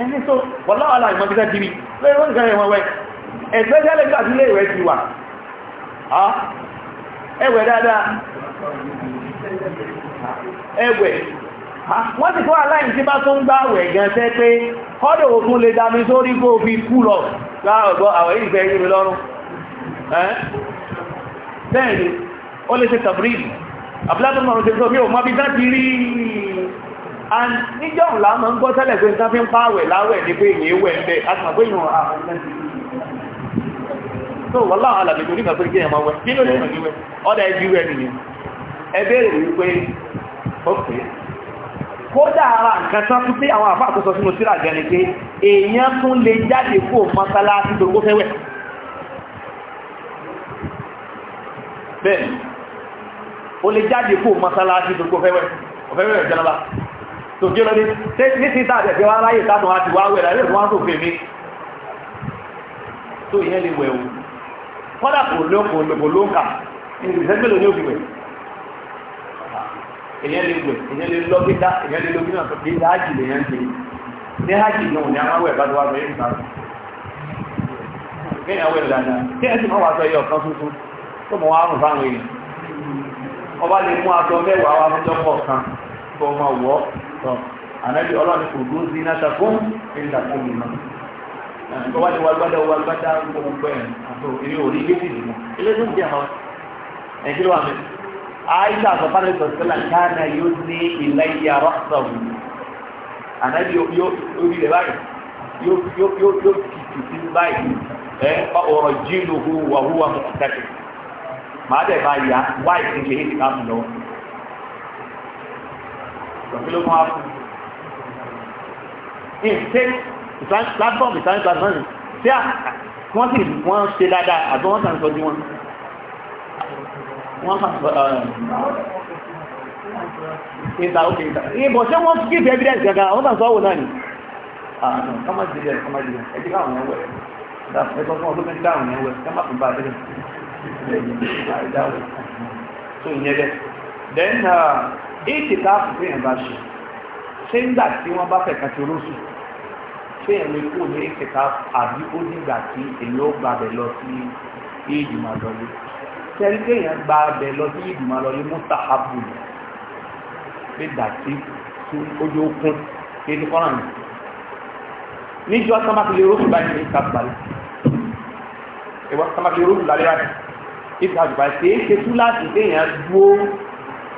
ẹni tó wọ́láwàlá ìmọ̀bíṣẹ́ kiri lórí ìgbà ìwọ̀n wẹ́ ẹ̀sẹ́jẹ́lẹ̀ gbà sílé ìwẹ̀ ti wà ah, ẹwẹ̀ dáadáa ẹwẹ̀ wọ́n ti fọ́ aláìní tí bá tó ń gbá àwẹ̀ gan tẹ́ pé kọ́dọ̀ òkun lè dami sórí kó fi kú lọ láàrọ̀gbọ́ àwẹ̀ ìfẹ́ ìrìn lọ́rùn bẹ́ẹ̀ni ó lè ṣe tàbrílì àbúlátún mọ̀rún tẹ́lẹ̀ bí o mọ́ bí okay kódà ara nǹkan tán tún pé àwọn àfáà tó sọ sínú síra jẹ́ ni pé èèyàn tún lè jáde kó mọ́sálásí tó gbó fẹ́wẹ̀ bẹ́ẹ̀ o lè jáde kó mọ́sálásí tó gbó fẹ́wẹ̀ ọ̀fẹ́wẹ̀ ìjọba tó gé lọ́dí ní sí sáà tẹ̀fẹ́ wá láyé sátọ̀ wá ti wá wẹ̀ láyé wọ́n tó fèmí tó ìyẹn lè wẹ̀ o kódà kò lóǹkà ìrìnsẹ́gbẹ̀lò ní òfin wẹ̀ èyàn lè wẹ̀ èyàn lè lọ gbígbá èyàn lè lọ gbígbá bí hájì lè yàn ṣe ní hájì náà ní àwọn ẹ̀bá tó wá sọ yẹn sáré kéèyàn wẹ̀ dáadáa kéèyàn sì máa wà sọ yẹ ọ̀kan tuntun tó mọ̀ wá rùn fáwọn èèyàn ọba lè mú aṣọ mẹ́wàá wá fún jọ́pọ̀ kan kó ọmọ wọ́ sọ ànábi ọlọ́run kò dún sí náà sàkún nígbà tó lè ọba lè wá gbádá wá gbádá gbogbo ẹ̀ àtò eré orí aisha àtọ̀bára ìtọ̀sílà káàna yóò ní ilẹ̀ yàrá sọ̀rọ̀ ànábi orí rẹ̀ báyìí yóò kìtù sí báyìí ẹ ọ̀rọ̀ jíìlù hu wà hu wà mọ̀kàtàkì màá dẹ̀ bá yà wáyé ti lè ní káàmù lọ. ìtọ́kíló máa fún un. ìfẹ́ platform ìtàn platform ṣé wọ́n sì wọ́n ṣe dáadáa àbí wọ́n sàn sọ́jú wọn wọ́n hàn um, ìta òkè ìta ìbọ̀ ṣé wọ́n give evidence gàgà àwọn tàn sọ́wọ́ náà ni ààrùn kọ́májìlẹ̀ kọ́májìlẹ̀ ẹjí láwọn ẹwẹ́ ẹ̀kọ́ fún ọdún mẹ́ta àwọn ẹwẹ́ kọ́má fún bá abẹ́rẹ́ tó ìyẹn bẹ́ẹ̀ then eighty thousand fún yẹn bá ṣe ṣé nígbà tí wọ́n bá fẹ̀ka ti rọ́ọ̀sù ṣé yẹn lè kú ní eighty thousand àbí ó nígbà tí èyí ó gbàbẹ̀ lọ sí ìjùmọ̀ sẹ́rí kéèyàn gba abẹ lọ sí ìgbìmọ̀ lọ yìí mustahabu lè dà sí ojú okun kéde kọ́ra mi níjọ́ sábà fi lè rọ́ọ̀tù báyìí ní ìta àgbàlẹ̀ ìwọ sábà fi lè rọ́ọ̀tù lálẹ́ àti ìta àgbàlẹ̀ kéé ṣe tú láti kéèyàn dúró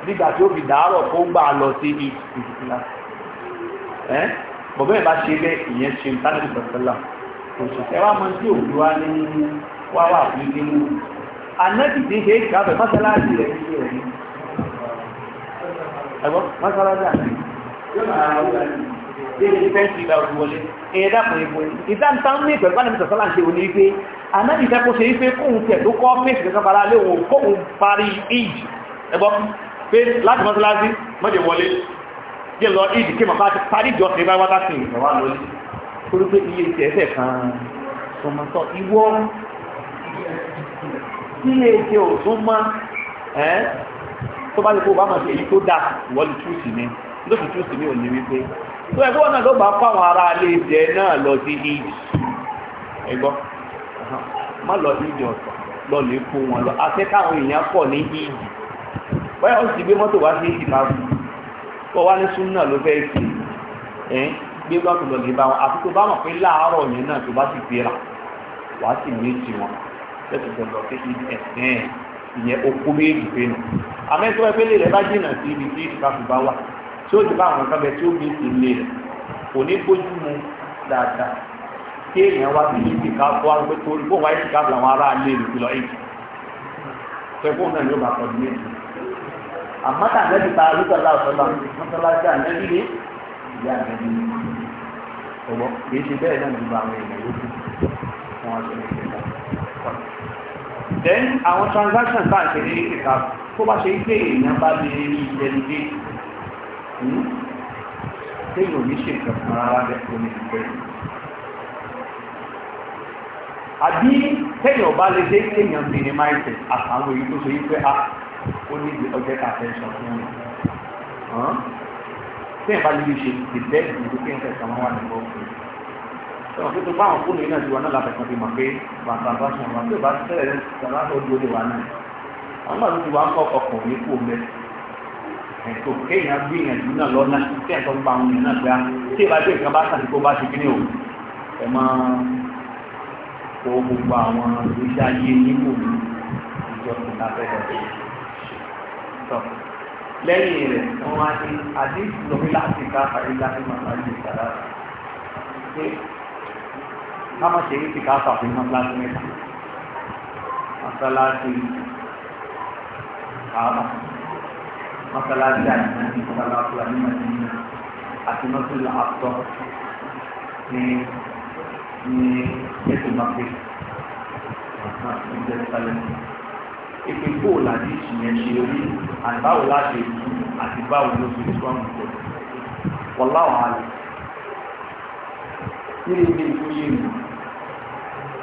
nígbà tí ó fi dàárọ̀ kó gbà lọ sí ìtìtìlá ẹ́ bọ̀bẹ́ ìbá ṣe bẹ́ ìyẹn ṣe ń tánàbí pẹ̀lú ẹwà mọ́ tí òkú wá ní wáwà àfihàn ànábì tí ń ṣe ìkàfẹ́ mọ́sálásí rẹ̀ ní ìṣẹ́ òní ẹ̀gbọ́n mọ́sálásí àti ìdáǹtàn ní ìpẹ̀lú bá nàbí sọ̀sọ́lá ń ṣe òní wípé ànábì fẹ́ kó ṣe wípé kóhun tẹ̀ tó kọ́ fèsì kẹta fara lé òun kóhun parí ìjì ẹ̀gbọ́n pé láti mọ́sálásí mọ́jẹ̀ wọlé jẹ́ lọ ìjì kí màá ti parí ìjọ sí ìbáwátá sí ìrọ̀wá lórí torí pé iye ìtẹ̀ẹ́sẹ̀ kan sọmọtọ́ ìwọ tí èké ò tún mọ́ ẹ́ tó bá ti kó obama sí èyí tó dà wọ́n lè túùsì mi ló fi ò ní wípé tó ẹgbẹ́ wọn náà ló bá fáwọn ará alẹ́ ìjẹ náà lọ sí ìjì ẹgbọ́ má lọ sí ìjì lọ lè kó wọn lọ àti káwọn èèyàn pọ̀ ní ìjì ó sì gbé mọ́tò wá sí ìjì fún kó wá ní ló fẹ́ sí lọ lè bá wọn àti tó lẹ́sìn tó lọ sí ibi ẹ̀sìn ìyẹn okú méjì pé nù àmọ́ ìtura ìpínlẹ̀ rẹ̀ bá jìnnà sí ibi tí ìfàkù bá wà tí ó ti bá àwọn nǹkan bẹ tí ó bí ti lé rẹ̀ kò ní bójú mu dáadáa kí èèyàn wá sí ibi ká kó àwọn pé torí fóun wáyé ti ká bla ará ilé rẹ̀ lọ èyí pé fóun náà yóò bá pọ̀ ní èyí àmọ́ tà lẹ́bi ta alúgbàlá ọ̀sọ́lá mọ́sálásí ṣe bẹ́ẹ̀ náà nígbà àwọn èèyàn yókù wọn á ṣe é then àwọn transaction bá ń tẹ̀lé ìka tó bá ṣe pé èèyàn bá lè rí ìdẹ́lẹ́dẹ́ téèyàn ní ṣe nǹkan fún ara rẹ̀ kò ní ìpẹ́ àbí téèyàn bá lè dé téèyàn sì ní máa àtàwọn èyí tó ṣe yí pé a ah, ó ní ọjọ́ ká fẹ́ sọ fún mi téèyàn bá lè ṣe the best ìlú kéèyàn fẹ́ sọ wọn wà ní bọ́ọ̀kì sọ̀rọ̀ pé tó bá àwọn fóònù yìí náà ti wà náà láti kan fi mọ̀ pé bàtà bá ṣe àwọn àgbẹ̀ bá tẹ̀lé ṣàlá ló di olè wà náà àwọn náà ló ti wà ń kọ́ ọkọ̀ ní kú omi ẹ̀tọ́ kéèyàn gbìyànjú náà lọ́nà tí ẹ̀tọ́ ń bá àwọn èèyàn náà gbá tí ìbá jẹ́ ìkan bá sàdí kó bá ṣe kí ni o ẹ máa kó gbogbo àwọn ìgbésí ayé nípò ní ìjọ lẹ́yìn rẹ̀ wọ́n á ti àdéhùn ká má ṣe é ti káfà fún mọ́sálásí mẹ́ta mọ́sálásí àbá mọ́sálásí àyìnbó ní mọ́sálásí àyìnbó ní àti mọ́sálásí àtọ́ ní ní ètò mọ́sí ìjẹ́ sálẹ́sì ìpín bóòlù àti ìṣìyẹn ṣe orí àti báwo láti ètò àti báwo ló fi tó àwọn wọ́n láwọn àlè ilé ilé ìfúyé mi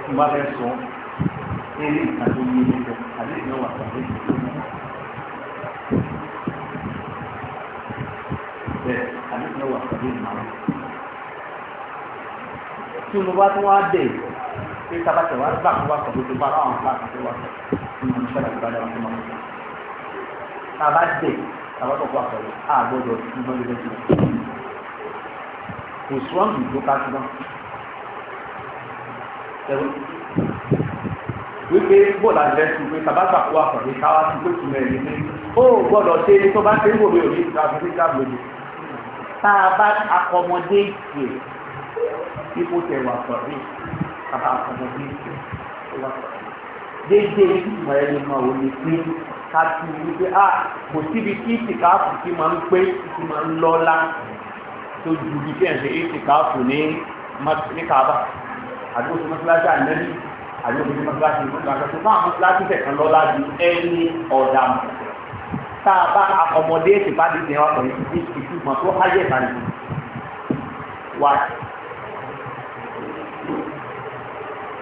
ìgbà bẹ sọ eré ìtàgé yé mi bẹ àlẹ ìyẹn wà pàdé bẹ àlẹ ìyẹn wà pàdé ìmọ̀ràn tí mo bá tún wá dé pé tabatẹ wà gbà kó wà pàdé tó bá àwọn àgbà àti wà pàdé ìmọ̀ níṣẹ́ àti ìbàdàn àti ìmọ̀ níṣẹ́ tàbá dé tàbá tó kó àpẹẹrẹ àgbọ̀dọ̀ ìmọ̀ níṣẹ́ kò sùn àmì tó ká sí náà ẹ̀rọ wípé bọ́ọ̀lù àjẹsù pé tàbátà kó àkànlé káwá sí pé tùmẹ̀ ẹ̀yìn ní ó gbọ́dọ̀ ṣe ní tó bá ṣe ń wò mí ò ní ìtàkùn ní ìtàkùn tá a bá akọmọdé ìpè ipò tẹ̀ wà sọ̀rí kàbá akọmọdé ìpè tó wà sọ̀rí déédéé ìtumọ̀ ẹni mọ̀ ò ní pé ká tu wípé a ah, kò síbi tí ìtìkáàfù ti máa ń pé ti máa ń lọ́lá tó ju bí kẹ́hìn ṣe ìtìkáàfù ní kábà àdúgbò mọ́sálásí ànẹ́bí àdúgbò mọ́sálásí mọ́sálásí tó máa mọ́sálásí tẹ̀kan lọ́la ju ẹni ọ̀dà mọ̀ tá a bá ọmọdé ti bá di ìdíyẹn wà pẹ̀lú ìtumọ̀ tó háyé ìbànú wà.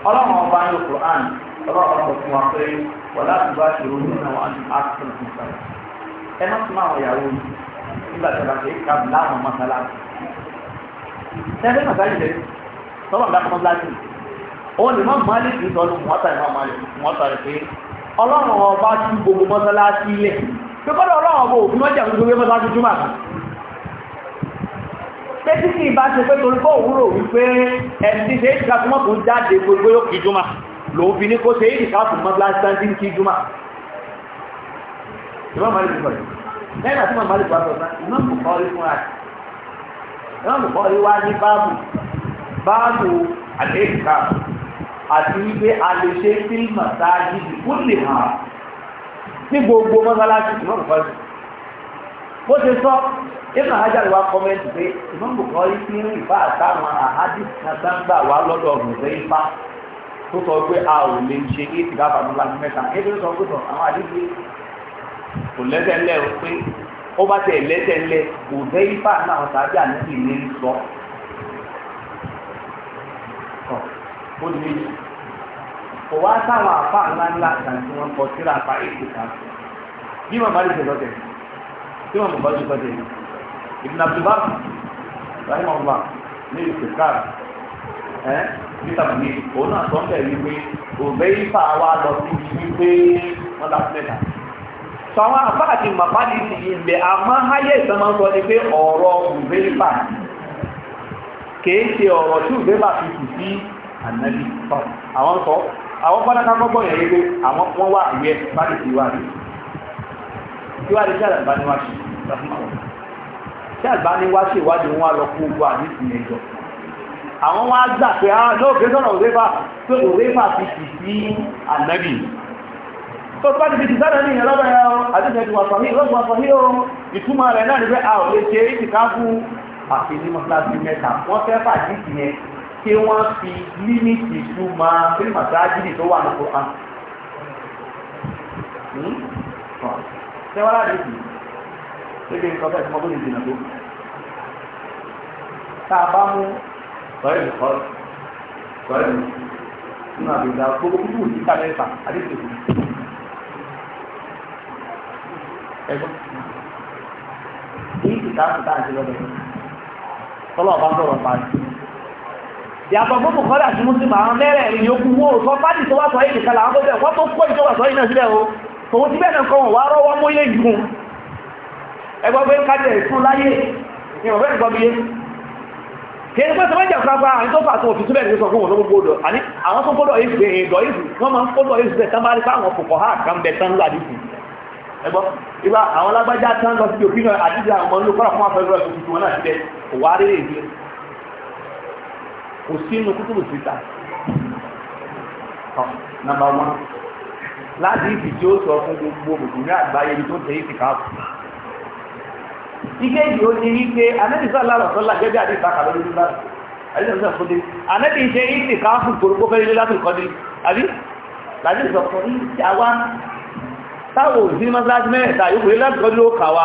ọlọ́run ọba ní Kùránì ọlọ́run ọba fún wa pé wọ́n láti bá ṣòro nínú àwọn àtúntò nípa ẹ má tún àwọn ìyàwó yìí nígbà tí a bá ṣe é kábìlà àwọn sọ́nà bá kọ́ láti òun ni mọ́mọ́ alẹ́ kì í sọ ní mọ́tà ìmọ̀mọ́ alẹ́ mọ́tà rẹ̀ pé ọlọ́run ọba tí gbogbo mọ́sálásí ilẹ̀ pé kọ́dọ̀ ọlọ́run ọba òfin mọ́jà gbogbo gbé mọ́sálásí júmọ̀ àti pé tí kì í bá ṣe pé torí kó òwúrò wípé ẹni ṣe é ti káfí mọ́tò jáde gbogbo yóò kí júmọ̀ lòun fi ní kó ṣe é ti káfí mọ́sálásí kí júmọ̀ ìmọ̀mọ́ alẹ́ kì í báàlù àdéhùká àti wípé a lè ṣe fílmà sáájì kó lè hàn ní gbogbo mọ́sálásí ìmọ̀ bùkọ́lì bó ṣe sọ ibùdó hajar wa kọ́mẹ́ntì pé ìmọ̀ ti ń rìn àtàwọn àhádìí kan wà lọ́dọ̀ ọ̀gbìn tó sọ pé a ò lè ṣe ní ìtìlá àbámúlá ní mẹ́ta ebi sọ pé sọ àwọn àdìsí kò lẹ́sẹ̀ ńlẹ̀ o pé ó bá tẹ̀ lẹ́sẹ̀ ńlẹ̀ kò kan ó di méjì kò wá sáwọn àfa ńlá ńlá kan tí wọ́n kọ síra àfa èkó kan bí màmá lè ṣe lọ́tẹ̀ tí wọ́n mọ̀ bá ṣe lọ́tẹ̀ ìbùnà àbùbá rahim ọba ní ìpèkàr ẹ níta bùnmi òun náà sọ ń bẹ̀ wípé òbẹ́ ifá wa lọ sí wípé wọ́n dá sílẹ̀ náà sọ àwọn àfa àti màmá ní ti ilẹ̀ àmọ́ háyé ìsọmọ́sọ ni pé ọ̀rọ̀ òbẹ́ ifá kìí ṣe ọ̀rọ̀ tí òde bá fi kù sí ànábì sọ àwọn sọ àwọn pátákà gbọ́gbọ́ yẹn wípé àwọn wọn wà ìwé báyìí sí wáyé síwájú sí àlàbá ni wá ṣe ìtàkùnkọ̀ sí àlàbá ni wá ṣe ìwádìí wọn wá lọ kó gbọ́ àdìsí yẹn jọ àwọn wá gbà pé á lóògbé sọ̀rọ̀ òrébà pé òrébà fi kù sí ànábì tó bá ti fi ti sára ní ìrọ̀lọ́gbà yẹn àdìsí yẹn ti wà sọ̀rí ìrọ̀lọ́gbà sọ̀rí ìtumọ̀ rẹ̀ náà ni pé a ò lè ṣe é àti ní mọ́sálásí mẹ́ta wọ́n fẹ́ fàájì sí yẹn kí wọ́n fi límìtì tún máa pé màsáájìdì tó wà hmm? ní kókan. sẹ́wọ́n láti sùn lédè nǹkan fẹ́ fún ọdún ìdènà tó. tá a bá mú sọ̀rọ̀ ìlú kọ́ sọ̀rọ̀ ìlú nínú àbẹ̀dá gbogbo kúkú ní kàmẹ́fà àdéhùn ẹ̀gbọ́n. èyí ti ká àtúntà àti lọ́dọ̀ tọ́lọ̀ bá sọ̀rọ̀ parí yàtọ̀ fún bùkọ́lá àti mùsùlùmí àwọn mẹ́rẹ̀ ìrìn yóò kún wóòrò sọ fájì tó wá sọ yìí nìkan làwọn bẹ́ẹ̀ wọ́n tó pọ̀ ìjọba sọ yìí náà sílẹ̀ o tòun ti bẹ́ẹ̀ nǹkan wà rọ́wọ́ mọ́yé ìgbùn ẹgbẹ́ pé kájẹ̀ ìfún láyé ni ọ̀fẹ́ ìgbọ́bíyé kí ẹni pẹ́ sọ mẹ́jẹ̀ fúnra fúnra àyíkọ́ fà tó òfin túbẹ̀ ní sọ fún òun gbọ́dọ̀ àní àwọn tó gbọ́dọ̀ èsì èdò èsì wọ́n máa ń gbọ́dọ̀ èsì bẹ̀ tán bá rí fáwọn kòkò ha kan bẹ̀ tán ládì kò wá rí èdè kò sí inú kútùbù síta nàmbà wọn láti ìfì tí ó sọ fún gbogbo mùsùlùmí àgbáyé ibi tó tẹ ìfì káàpù ike yìí ó ti rí pé anẹ́bí sọ́lá lọ sọ́lá gẹ́gẹ́ àti ìtaka lórí nígbà àti ìtaka fún mi anẹ́bí ṣe ìfì káàpù torókó fẹ́ ilé láti ìkọ́ni àbí láti sọ fún ìjà wa táwọn òsì mọ́sálásí yóò pè láti ìkọ́ni ló kà wa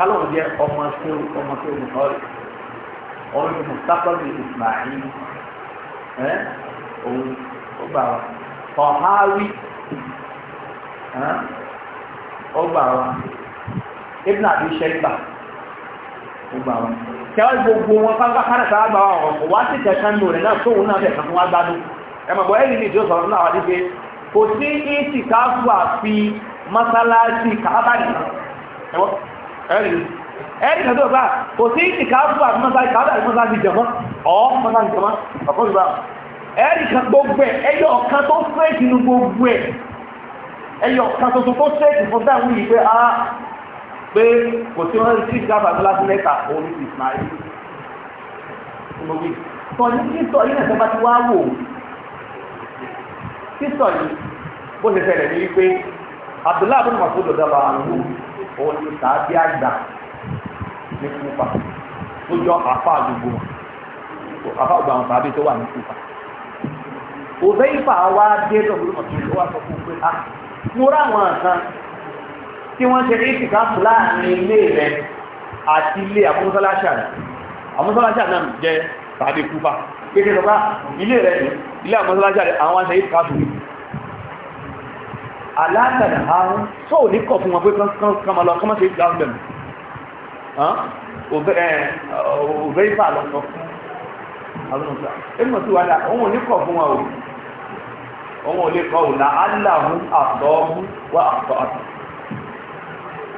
kálọ̀n jẹ́ ọmọ kéwù ọmọ kéwù Bukhari ọmọ kéwù Mustapha bin Ismail ẹ òun ó gbà wá Tahawi ó gbà wá Ibn Abi Shayba ó gbà wá tẹ́wọ́ gbogbo wọn pátápátá sáà gbà wá ọ̀rọ̀ wá sí kẹ̀kẹ́ nù rẹ̀ náà tóun náà fẹ̀ kàn fún wa gbádùn ẹ̀mọ̀ bọ̀ ẹ̀rì ní ìjọ sọ̀rọ̀ náà wà ní pé kò sí ìsìkáfù àfi mọ́sálásí kàábà nìkan ẹ̀wọ́ ẹ̀rì ẹ̀rì kan tó bá kò sí ìkàáfù àti mọ́sá ìkàáfù àti mọ́sá ìjọmọ́ ọ̀ mọ́sá ìjọmọ́ ọ̀kọ́ ìgbà ẹ̀rì kan gbogbo ẹ̀ ẹyọ ọ̀kan tó fẹ́ẹ̀tì ní gbogbo ẹ̀ ẹyọ ọ̀kan tuntun tó fẹ́ẹ̀tì fún dáhùn yìí pé a ah, pé kò sí wọn sí ìkàáfù àti láti mẹ́ta òun ní ìsmáyé tọ́ni títọ́ yìí nàìjọba ti wá wò títọ́ yìí bó ṣe fẹ́rẹ̀ ní wípé Abdullahi abdul masu òun ti sàábí àgbà ní kúfà tó jọ àfa àdúgbò àfa àgbà àwọn sàábí tó wà ní kúfà òfẹ́ ìfà wa dé lọ́wọ́ ọ̀tún ló wà sọ fún pé ah mo rá àwọn nǹkan tí wọ́n ṣe ní ìsìnkáàpù láàrin ilé rẹ àti ilé àmúṣọ́láṣà rẹ àmúṣọ́láṣà náà jẹ sàábí kúfà kékeré sọ pé ah, ilé rẹ ilé àmúṣọ́láṣà rẹ àwọn aṣẹ ìsìnkáàpù yìí alátàdà àrùn tó ò ní kọ̀ fún wọn pé kọ́mọ lọ kọ́mọ ṣe gbà ọ́n bẹ̀rù òbẹ́ ifá lọ sọ fún àwọn ọ̀sà ẹnu tí wàá dà òun ò ní kọ̀ fún wọn o òun ò lè kọ́ òun náà aláhùn àtọ́hùn wà àtọ́ àtọ́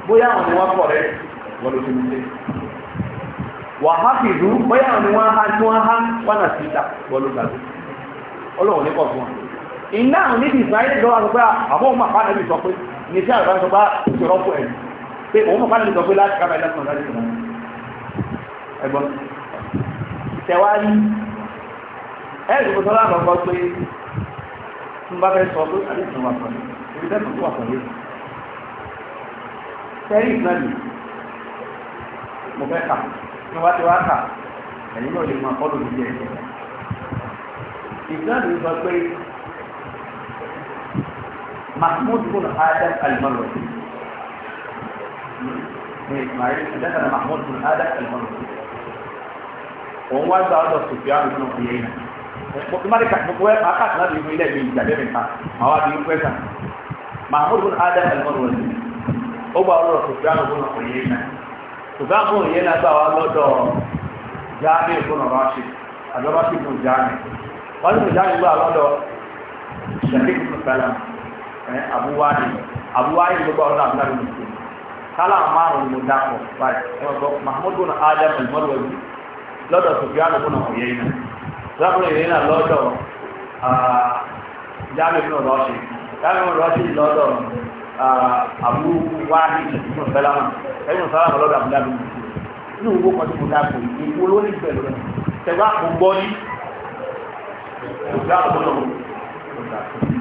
sí ìta wọ́n ló iná níbi ìsìláyé lọ́wọ́ sọ pé àwọn ọmọ àpá níbi sọ pé ní sí àrùbá sọ pé òṣè rọ́pò ẹ̀ pé òun àpá níbi sọ pé láti kábàá ìlàsàn láti ìlànà ẹgbọ́n tẹwárí ẹ̀rù tó sọ́lá àkọ́kọ́ pé tún bá fẹ́ sọ pé àdéhùn wà pọ̀ ibi tẹ́sán tó wà pọ̀ lórí محمود بن آدم المروزي من إسماعيل حدثنا محمود بن آدم المروزي òun wá gba ọ̀dọ̀ sofia nínú ìyẹn yìí mo ti má lè kàtó pé akáàtì náà lè ilé mi ìjàdé mi ta àwọn àbí ń pẹ́sà mahmoud bin adam al-marwazi ó gba ọ̀dọ̀ sofia nínú ìyẹn yìí sofia nínú ìyẹn náà gbà lọ́dọ̀ jáde ìfúnà rashid àbí rashid bin jáde wọn nínú jáde gbà lọ́dọ̀ sadiq bin àbúwáyé àbúwáyé ló gbọ́ ọ̀dọ̀ àbúlá lónìí sí kálá márùn-ún ló dákọ̀ báyìí ẹ̀wọ̀n sọ mahmud bin adam al-marwazi lọ́dọ̀ sọ̀fíàlù bin uyayna sọ̀fíàlù bin uyayna lọ́dọ̀ ah, jáde bin rọ́ṣì jáde bin rọ́ṣì lọ́dọ̀ àbúwáyé ah, bin sẹ́lámà ẹ̀yìn sọ́lámà lọ́dọ̀ àbúlá lónìí sí inú owó kan tó kó dákọ̀ ìwó ló ní bẹ̀rù rẹ̀ tẹ̀wá kò gbọ́ ní sọ̀fíàlù bin uyayna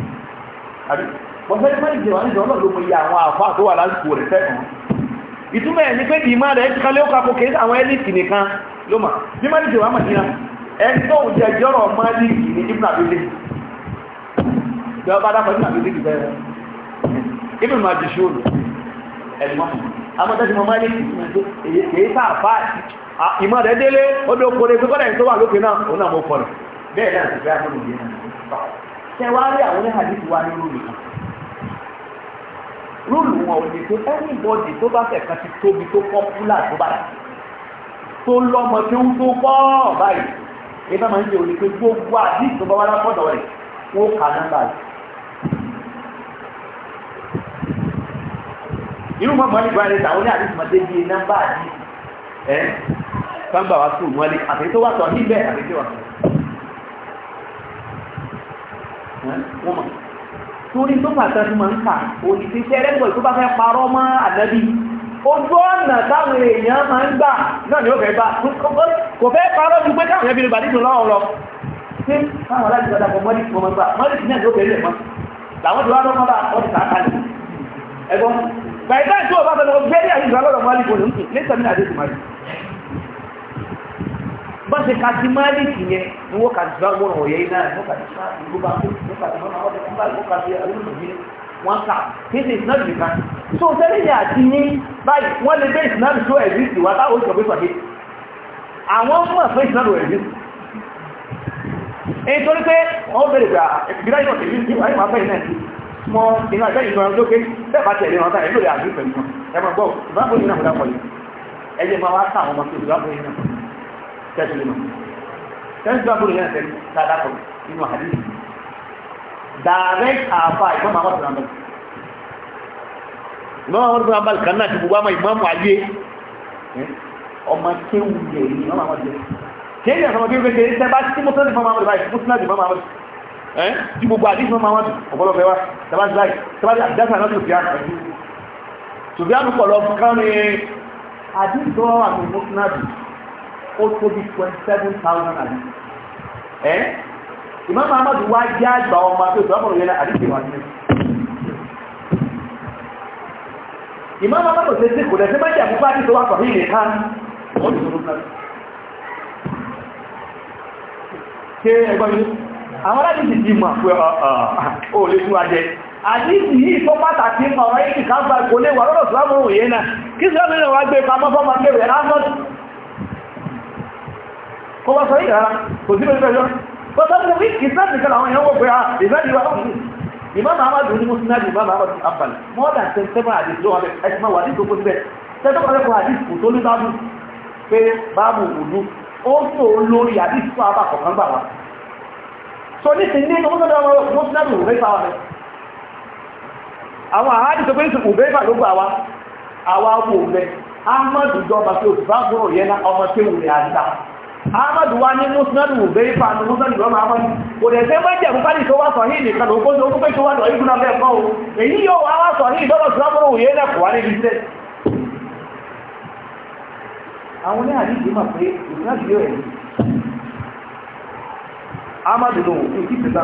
àbí wọ́n fẹ́ máa ń jẹ wà níjọ náà ló mọ iye àwọn àfa tó wà lásìkò rẹ̀ fẹ́ràn ìtumọ̀ ẹ̀ ní pé ìmọ̀ rẹ̀ ti kalẹ́ ọkọ̀ àkókè àwọn ẹ́lìtì nìkan ló mà bí máa ń jẹ wà mà níra ẹni tó ń jẹ jọrọ máa ní ìní ibùdó àbílẹ̀ ìjọba dákọ̀ ní àbílẹ̀ ìbẹ̀ rẹ̀ ibi máa mọ́ amọ́tẹ́sí mọ́ máa ní èyí tá a fà ìmọ̀ rẹ̀ délé ó dókòrè pé tẹwárí àwọn oníhàdìsí wa ní rúlù kan rúlù wọn ò lè tó ẹnìbọdì tó bá fẹ̀ka ti tóbi tó pọ́púlà tó bá yà tó lọ́mọ tí ń tó pọ́ báyìí ìfẹ́ máa ń jẹ́ òní pé gbogbo àdìsí tó bá wá lápọ̀dọ̀ rẹ̀ wọ́n kà nọ́mbà rẹ̀. irú mọ́ mọ́lì bá rẹ̀ tàwọn ní àdìsí máa débi nọ́mbà àdìsí ẹ̀ sábà wá sí òmùwálé àtẹ̀tẹ̀ wà sọ níbẹ̀ àtẹ̀tẹ̀ wà sọ wọ́n mọ̀ torí tó pàtàkì tí ma ń kà òṣìṣẹ́ ẹlẹ́gbọ̀n tó bá fẹ́ parọ́ mọ́ ànábì ojú ọ̀nà táwọn èèyàn máa ń gbà náà ni ó fẹ́ bá kò fẹ́ parọ́ ju pé káwọn ẹbí rẹ̀ bàdí jùlọ ọ̀rọ̀ tí káwọn aláàjì padà bọ̀ mọ́lì tí wọ́n gbà mọ́lì tí náà ni ó fẹ́ lè mọ́ làwọn tí wọ́n lọ́ mọ́lá wọ́n ti kà á kalẹ̀ ẹgbọ́n bàìtá ìtú ọ̀bá fẹ́ lọ gbé ní àyíká lọ́rọ̀ mọ́lì kò lè ń kì ní sẹ́mínà àdéhùn mọ́lì bá ṣe ka ti máàlìkì yẹn ni wọ́n kà ti sọ àwọn ọ̀rọ̀ yẹn náà wọ́n kà ti sọ ìlú bá tó wọ́n kà ti sọ àwọn ọ̀rọ̀ bá wọ́n kà ti alúmọ̀ yẹn wọ́n kà kí ṣe ìsinmi nìkan so tẹ́lẹ̀ ní àti ní báyìí wọ́n lè gbé ìsinmi tó ẹ̀rí sí wa táwọn oṣù pé àwọn mọ̀ fún ìsinmi tó ẹ̀rí èyí tó ní pé wọ́n bẹ̀rẹ̀ gbà ìgbìlá ìwọ̀n tẹ̀lé ní wáyé máa bẹ̀rẹ̀ náà mọ́ inú àjẹ́ ìjọ ọ̀rọ̀ lókè bẹ́ẹ̀bá tẹ̀lé wọn táyẹ̀ lórí àjú pẹ̀lú wọn ẹmọ gbọ́ ìbábọ̀ ìrìnà ọ̀dá pọ̀lú ẹjẹ́ máa wá sáà wọn máa fi ìbábọ̀ ìrìnà tẹ́sílímà tẹ́sílímà tó lè yẹn tẹ́lẹ̀ sáadá kan nínú àdìsí direct àfa ìmọ̀ àwọn tó nàbẹ̀ ìmọ̀ àwọn tó nàbẹ̀ kan náà ti gbogbo àwọn ìmọ̀ àyè ọmọ kéwù yẹ ní ọmọ àwọn jẹ kéèyàn sọmọ bí wípé tẹ bá tí mo sọ́dún fún ọmọ àwọn ìbáyìí mo sọ́dún fún ọmọ àwọn ẹ́ tí gbogbo àdìsí ọmọ àwọn ọ̀pọ̀lọpọ̀ wa tẹ́bá ti láì tẹ́bá ti àdìsí àwọn sòfíà ó tóbi twenty seven thousand àbí ẹ ìmáàmù amadu wá jẹ́ àgbà ọmọ àti òtún ọmọdé yẹn àdìsí wà sí ìmáàmù amadu ṣe sí kò lẹ́sẹ̀ máa jẹ́ àkókò àti ìṣòwò àkọ́bí ilé ká wọ́n ti sọ̀rọ̀ kan. ṣé ẹgbọ́n mi àwọn aláàbí ti di mọ̀ pé ah, ah, ah, ó lè tún wa jẹ àdíjì yìí tó pàtàkì ọ̀rọ̀ ìkìkà gba ìkòlé wà lọ́rọ̀ ìsìlámù òun yẹn náà kí ìsìlámù náà wá gbé kó wá sọ yìí rárá kò sí lórí ẹjọ́ bó sọ pé wíìkì sẹ́ẹ̀sì kan àwọn èèyàn wò pé ìbẹ́ẹ̀dì wa ọ̀hún ìmọ̀ màmá dùn ní mùsùlùmí àti ìmọ̀ màmá dùn àbàlẹ̀ more than ten seven àdìs ló wà bẹ ẹ ti máa wà ní tó pé báàbù òdu ó tó gbà wá. so ní ti ní mùsùlùmí àwọn mùsùlùmí òwe fà wà bẹ àwọn àádìs tó pé ní òwe fà ló gbà wá àwa wò bẹ ahmadu dọba tó bá gbọ́rọ̀ yẹn ná ọmọ tó wù ní àdìs ahmadu wa ní musnadu bẹ́ẹ̀ fa ní musnadu lọ́nà ahmadu kò dẹ̀ sẹ́ mẹ́jẹ̀ kúkálì tó wá sọ ní ìnìkan ló kó tó tó wá lọ ìlú náà bẹ́ẹ̀ kọ́ o èyí yóò wá wá sọ ní ìdọ́dọ̀ sọ́mọ́rọ̀ òye náà kò wá ní ibi tẹ́ àwọn ní àdíjì mà pé ìsinmi yóò ẹ̀yìn ahmadu lò ó kí pìtà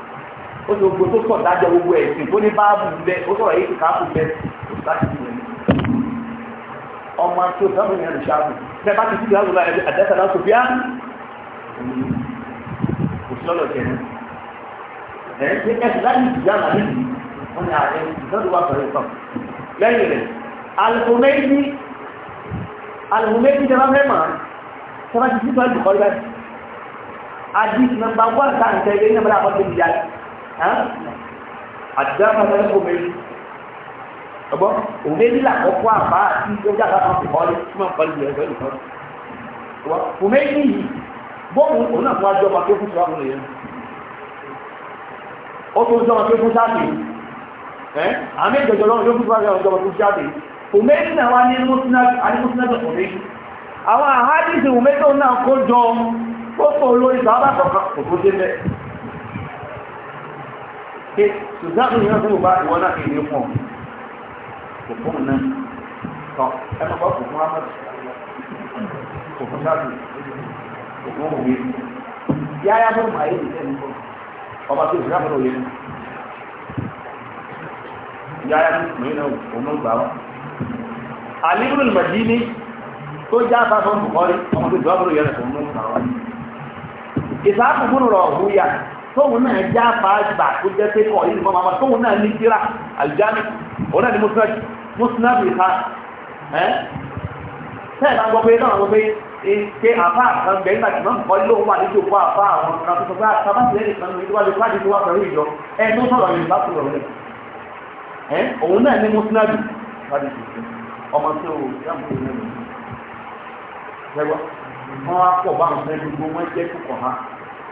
ó ní ogbó tó sọ dájọ gbogbo ẹ̀sìn tó ní báàbù bẹ ó sọ̀rọ̀ yìí kìkà kù bẹ ó sì láti fún ẹni ọmọ tó sábà ní ẹnu ṣáàbù bẹ́ẹ̀ bá ti fi ìhàgùn láti àdẹ́sà láti fi á kò sí lọ́dọ̀ jẹ ẹ̀ẹ́dẹ́ ẹ̀sìn láti ìyá àlàyé yìí wọ́n ní ààrẹ ìdánwò àbẹ̀rẹ̀ ìtàn lẹ́yìn rẹ̀ alùpùpù alùmẹ́bí jẹba mẹ́mà tẹ́bá ti sí tọ́jú kọ́ lẹ́bẹ̀ẹ́ adìs nàmbà wọ́n sáà ń tẹ́lẹ̀ ní ọmọdé àkọ́tẹ́ ìyá àdáhùn ẹ̀kọ́ mẹ́rin ọgbọ́ òun èyí làkọ́kọ́ àbá àti ìjọba àbá kan kọ́ lé tí wọ́n kọ́ lé ẹgbẹ́ nìkan òun èyí yìí bọ́ọ̀mù òun náà fún wájú ọmọ tó kú sí wàhùn nìyẹn ó tó ń sọmọ tó kú sáàbì ẹ àmì ìjọjọ lọ́wọ́ tó kú sí wàhùn ọmọ tó kú sáàbì òun èyí náà wá ní alimọ́sínàbì òun èyí àwọn àhádìsì òun mẹ́tọ́ náà kó pé ṣùgbọ́n àwọn tó wò bá ìwọ náà kéde fún fún un náà tọ ẹ máa bá kò fún amọ̀ kò fún sábì kò fún òwe yáyá fún màáyé nìkẹ́ nìkan ọba tó ìṣúná fún òye yáyá fún òye náà òun ló gbà wá. àlébùrù Màdínì tó já bá tóun náà já fàájìbà tó jẹ́ pé kọ̀ yìí nìkan máa tóun náà ní kíra àlùjáde òun náà ni mùsùlùmí ká ẹ́ sẹ́ẹ̀ bá gbọ́ pé náà wọ́n pé ṣe àbá kan bẹ̀rẹ̀ nígbà tí wọ́n kọ́ ló wà ní ìjòkó àbá àwọn kan tó sọ pé àtàbátìlẹ́ ah, nìkan ní ìjọba lè fàájì tó wà pẹ̀lú ìjọ ẹ tó sọ̀rọ̀ yìí bá sọ̀rọ̀ rẹ̀ òun náà ní mùsùlùmí fàájì ọmọ tí ó yà mú ìrìn lẹ́nu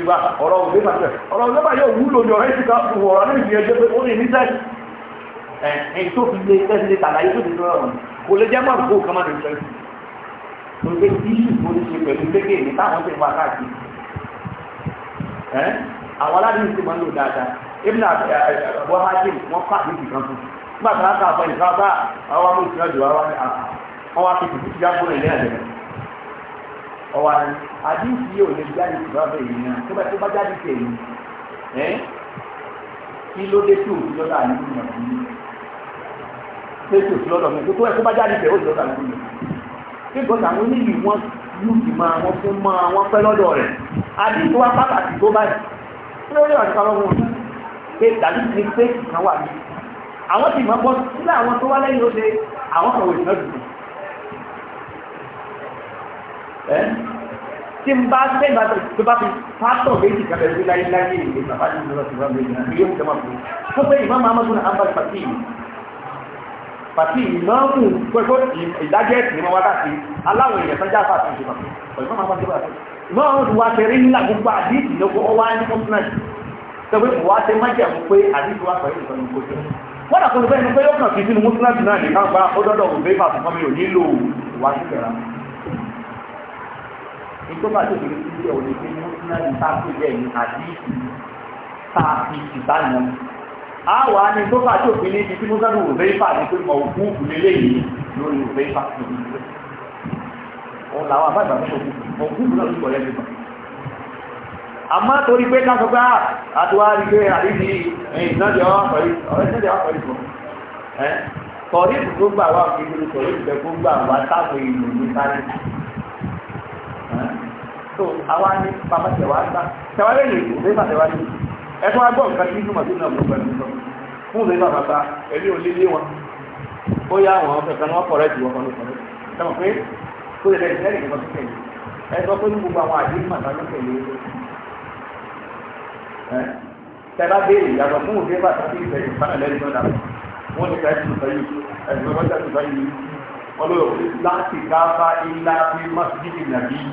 ìgbà ọ̀rọ̀ òde bàtẹ̀ ọ̀rọ̀ òde bàtẹ̀ yóò wúlò ní ọ̀rẹ́ ìsìnká fún ọ̀rọ̀ náà ìgbìyànjú ẹgbẹ́ ó lè ní sẹ́ẹ̀sì ẹ̀yìn tó fi lé sẹ́ẹ̀sì lè tàlàyé tó fi lọ́rọ̀ kò lè jẹ́ mọ́ àdúgbò kan máa lè sẹ́ẹ̀sì tó gbé tíṣù tó ní ṣe pẹ̀lú lékè ní táwọn ti wà káàkiri àwọn aládùn ti máa ń lò dáadáa ibùdó àbọ̀ hajj wọn kọ́ àdúgbò kan fún nígbà bá àwọn amúnṣe náà jù wá wá ní àwọn akéèké tó ti dá gbọ́n ilé àjẹmọ́ ọwọ́ àná àdìsí yóò lè jáde tó bá bẹ̀rẹ̀ yìí náà tó bá tó bá jáde tẹ̀ yìí ẹ́ kí ló dé tó òfin lọ́dọ̀ àná nínú ọ̀dọ̀ yìí tó tó òfin lọ́dọ̀ mi tó tó ẹ̀ tó bá jáde tẹ̀ òfin lọ́dọ̀ àná nínú ọ̀dọ̀ àwọn oníyì wọn yóò fi máa wọn fún máa wọn pẹ́ lọ́dọ̀ rẹ̀ àdìsí wa pàtàkì tó báyìí kí ló dé àwọn tí ma tí n bá fẹ́ ìgbà tó bá fi pásítọ̀ méjì kan bẹ̀rẹ̀ láyé láyé ìlú bàbá yìí lọ́wọ́ sí ìwọ́n méjì náà yóò mú kẹ́mọ́ fún un tó fẹ́ ìmọ̀ máa mọ́tò náà bá pàtí yìí pàtí ìmọ̀ọ́mù pẹ̀kọ́ ìdájẹ́ ẹ̀sìn ni wọ́n wá láti aláwọ̀ èèyàn sọ́jà fà tó ṣe pàtó ìmọ̀ máa mọ́tò ìmọ̀ọ́mù wa tẹ̀rí ńlá gbogbo àdíìsì lọ́wọ́ ọwá ní kọ́ńtínẹ̀tì tẹ̀wé wà á tẹ́ májà mú pé àdíìsì wa pẹ̀lú ìsọ̀nù kò tẹ̀ wọ́n dà kọ́ni bẹ́ẹ̀ ni pé yóò mọ́tò náà nìkan gba ìjọba tó fi ṣe òní pé mọ́sílẹ̀ ìtàkì bẹ́ẹ̀ ni àdíìsì tààfi ìbáyan a wà ní tó bá tó fi ní ibi tí mọ́sílẹ̀ òfẹ́fà ní pé mọ̀ òkú òkúlélé yìí lórí òfẹ́fà òun làwọn àbájá tó kù òkú òkú lọ́dún kọ̀ọ̀lẹ́ nípa àmọ́ torí pé ká sọ pé àtiwá rí pé àdíjì ìnájẹ́ wá pẹ̀lú ọ̀rẹ́sẹ̀lẹ̀ wá pẹ̀lú kọ̀ọ̀rí tó gbà wá kí tó àwa ní bàbá tẹ̀wá gbà tẹ̀wá lẹ́yìn èkó lè bá tẹ̀wá yìí ẹ̀fọ́ agbọ́ nǹkan tí inú màdúrà ló pẹ̀lú sọ fún lè bá bàbá ẹ̀rí ò lélé wọn ó yá àwọn kẹ̀kẹ́ wọn kọ̀rẹ́ jù wọn kọ̀rẹ́ sọ̀rọ̀ pé kó lè lẹ́yìn lẹ́yìn nǹkan tó tẹ̀lé ẹ sọ pé ní gbogbo àwọn àdéhùn màdá ló tẹ̀lé ẹ tẹ̀lá béèrè yàtọ̀ fún òde bàtà tí ìfẹ̀ ìfànà lẹ́yìn náà wọ́n ti fẹ́ẹ́ tún fẹ́ẹ́ yìí ẹ̀sùn ọgọ́ta tún fẹ́ẹ́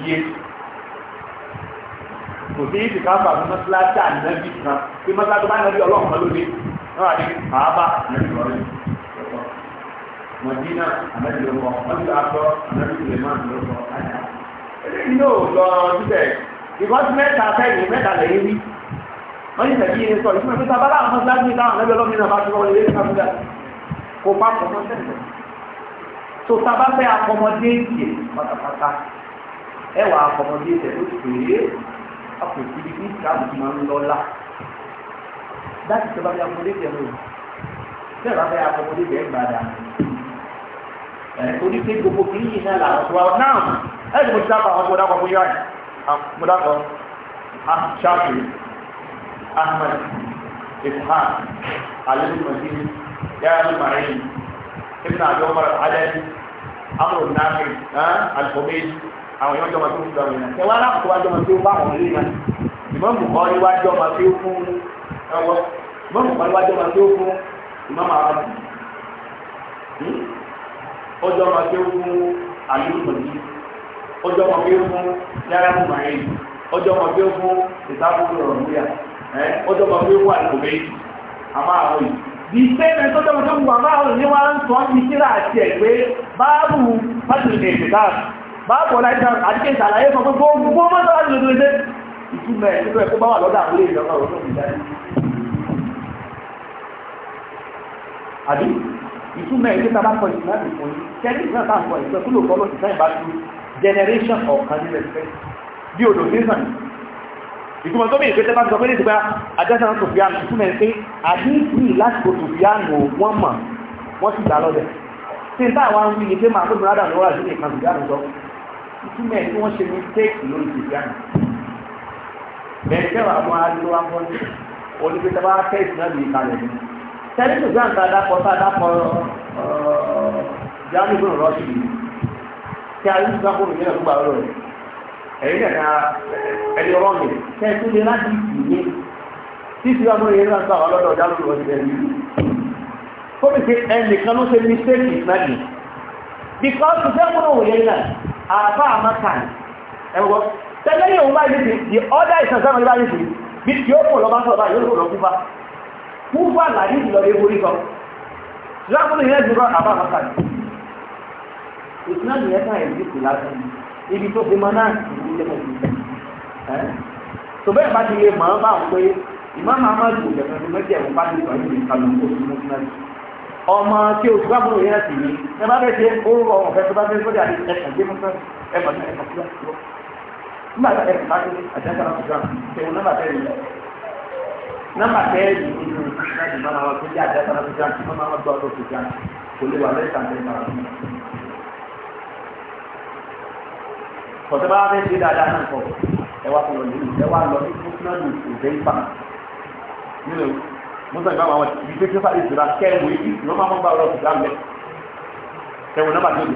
yìí kò sí ìdí ká bàbá mọ́sálásí ànábì kan pé mọ́sálásí bá ànábì ọlọ́run kan lóde náà wà ní àábá ànábì ọlọ́run mọ̀dínà ànábì lọ́kọ̀ mọ́sálásí akọ ànábì sùlẹ̀mán lọ́kọ̀ àyà. eléyìí yóò lọ síbẹ̀ ìkọ́sí mẹ́ta sẹ́yìn mẹ́ta lẹ́yìn rí wọ́n ní sẹ́yìn yìí sọ ìfúnni pípa bàbá mọ́sálásí táwọn ànábì ọlọ́run náà bá tó ọ àpòtí bí ìsìlámù ti máa ń lọ́lá láti ìjọba bí akọmọdébì ẹ̀rọ bẹ́ẹ̀ bá fẹ́ akọmọdébì ẹ̀ gbàdá torí pé gbogbo kìí yìí náà làwọn tó wà náà ẹ̀ ẹ́ mo ti dábàá àwọn tó dákọ̀ fún yáyì ah, mo dákọ̀ ṣáàtì ah, ahmed ifhan alimumadin yáyà marin ibn abdul mara adé amúrò nàfẹ àwọn èèyàn jọmọ tó ń lọ yẹn ẹ wá lákòókò wá jọmọ tó bá wọn lé náà ìmọ̀ mùkọ́ ni wá jọmọ tó fún ẹwọ́ ìmọ̀ mùkọ́ ni wá jọmọ tó fún ìmọ̀ màá jù ọjọ́ máa tó fún àlùmọ̀jì ọjọ́ máa tó fún yàrá mọ̀ máa yẹn ọjọ́ máa tó fún ìsáfún rọ̀rùn múyà ọjọ́ máa tó fún àlùmọ̀ méjì àmọ́ àwọn yìí di statement tó tọ́mọ̀tọ́mù bàbá òní wá ń sọ ní kíra àti ẹ̀gbẹ́ báàbù pàtàkì ìpìtàkì báàbọ̀ láìsàn àdíkẹ́ ìsàlàyé sọ pé gbogbo mọ́tò láti lòdò ilé ìtumẹ̀ nínú ẹ̀kọ́ bá wà lọ́dọ̀ àbúlé ìjọba ọ̀rọ̀ àbí ìtumẹ̀ ilé tàbá kọ ìsìn láti fún yí kẹ́lí ìsìn náà kọ ìsìn kúlò kọ́ lọ́sìn sáyìn bá tú generation of candidate fẹ́ bí odò sísàn ìtumọ̀ tó mìíràn pé bá sọ pé ní ìgbà àjẹsàn tó fi àmì ìtumẹ̀ pé àdínkù láti kò tó fi àmì wọ́n mọ̀ wọ́n sì dá lọ́dẹ̀ tí n táwọn ń wí ni pé màá tó múradà lọ́wọ́ àti ìkànnì ìdáàbòsọ ìtumẹ̀ tí wọ́n ṣe ní téèkì lórí ìgbéjáde bẹ́ẹ̀ tẹ́wọ̀ àwọn arúgbó wa mọ́ ní olùgbé tó bá tẹ́sí náà lè kalẹ̀ ní. tẹ́lẹ̀ tó gbà ń ta dápọ̀ tá dápọ̀ jáde gbọ́dọ̀ lọ́sì yìí tí a yóò gbà gbọ́dọ̀ yẹn lọ́gbà lọ́rọ̀ ẹ̀yìn ẹ̀ka ẹ̀dí ọ̀rọ̀ mi tẹ́ẹ̀ tó lé láti ìyẹn tí ìtura mọ́ yẹn náà sọ àwọn ọlọ́dọ̀ jáde lọ́sì yẹn ní. kó àbá àmàkàn ẹ̀wọ́ tẹ́lẹ̀ ní òun báyìí sí the other is not báyìí sí bí tí ó kùn lọ bá sọ̀rọ̀ yóò lọ kúfà kúfà làdí ìlọ lè borí sọ láàbùn ìyẹn ti rọ àbá àmàkàn ìsinmi ìyẹn kan èyí kù lásán ibi tó fi máa náà sì ní lẹ́mọ̀ sí tó bẹ́ẹ̀ bá ti lè mọ̀ ọ́n bá ń pé ìmọ̀ àmàkàn kò mẹ́jẹ̀ ìwọ̀n bá ti sọ̀rọ̀ ọmọ tí o gbàgbọ́ yẹn sì ní ẹ bá fẹ́ ṣe ó rọrùn fẹ́ tó bá fẹ́ sọ́jà ẹ ẹgbẹ́ mọ́tò ẹ̀bà náà ẹ̀bà fúlà fúlà nígbà tá ẹ̀bà tó àjẹsára fúlà tẹ̀wọ̀n nọ́mbà tẹ́lẹ̀ yìí nọ́mbà tẹ́lẹ̀ yìí nínú láti máa wá pé kí àjẹsára fúlà kí wọ́n máa gbọ́ ọdún fúlà kò lè wà lẹ́sà tẹ́lẹ̀ máa fún mi. kọ̀tẹ́ bá fẹ́ ṣe dáadáa náà kọ̀ ẹ wá fún ẹ wá lọ sí fúnfúnàlù òjẹ́ ìfà nínú mọ́tò ìgbà wọn ibi tó ṣe fà ìṣura kẹ́ẹ̀wé máa mọ́ gbà ọ̀rọ̀ ìṣura mẹ́ kẹ́ẹ̀wé nọ́mbà tó lè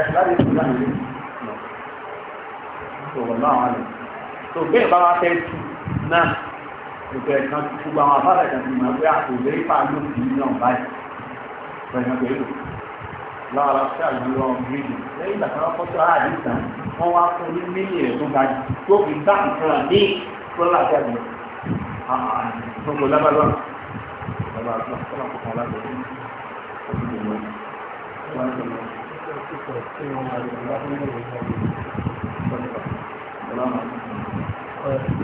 ẹ̀sìn láti tù láti lé sọ̀rọ̀ náà wà lẹ̀ tó bẹ́ẹ̀ bá wá fẹ́ tù náà ìfẹ́ kan gbogbo àwọn afárá ìtàn ìmọ̀ pé àpò lè fà ló fi náà báyìí pẹ̀lú pẹ̀lú lára sí àgbélọ́ bíríìjì lẹ́yìn ìgbà tí wọ́n fọ́tò ààrẹ ìtàn wọ́n wá fún ní mílì rẹ̀ tó ga jù tó fi dá nǹkan ní fúlọ́lá jáde gbogbo lábàlá lábàlá fúlọ́lá kọ̀ọ̀kan lábẹ́ Thank you.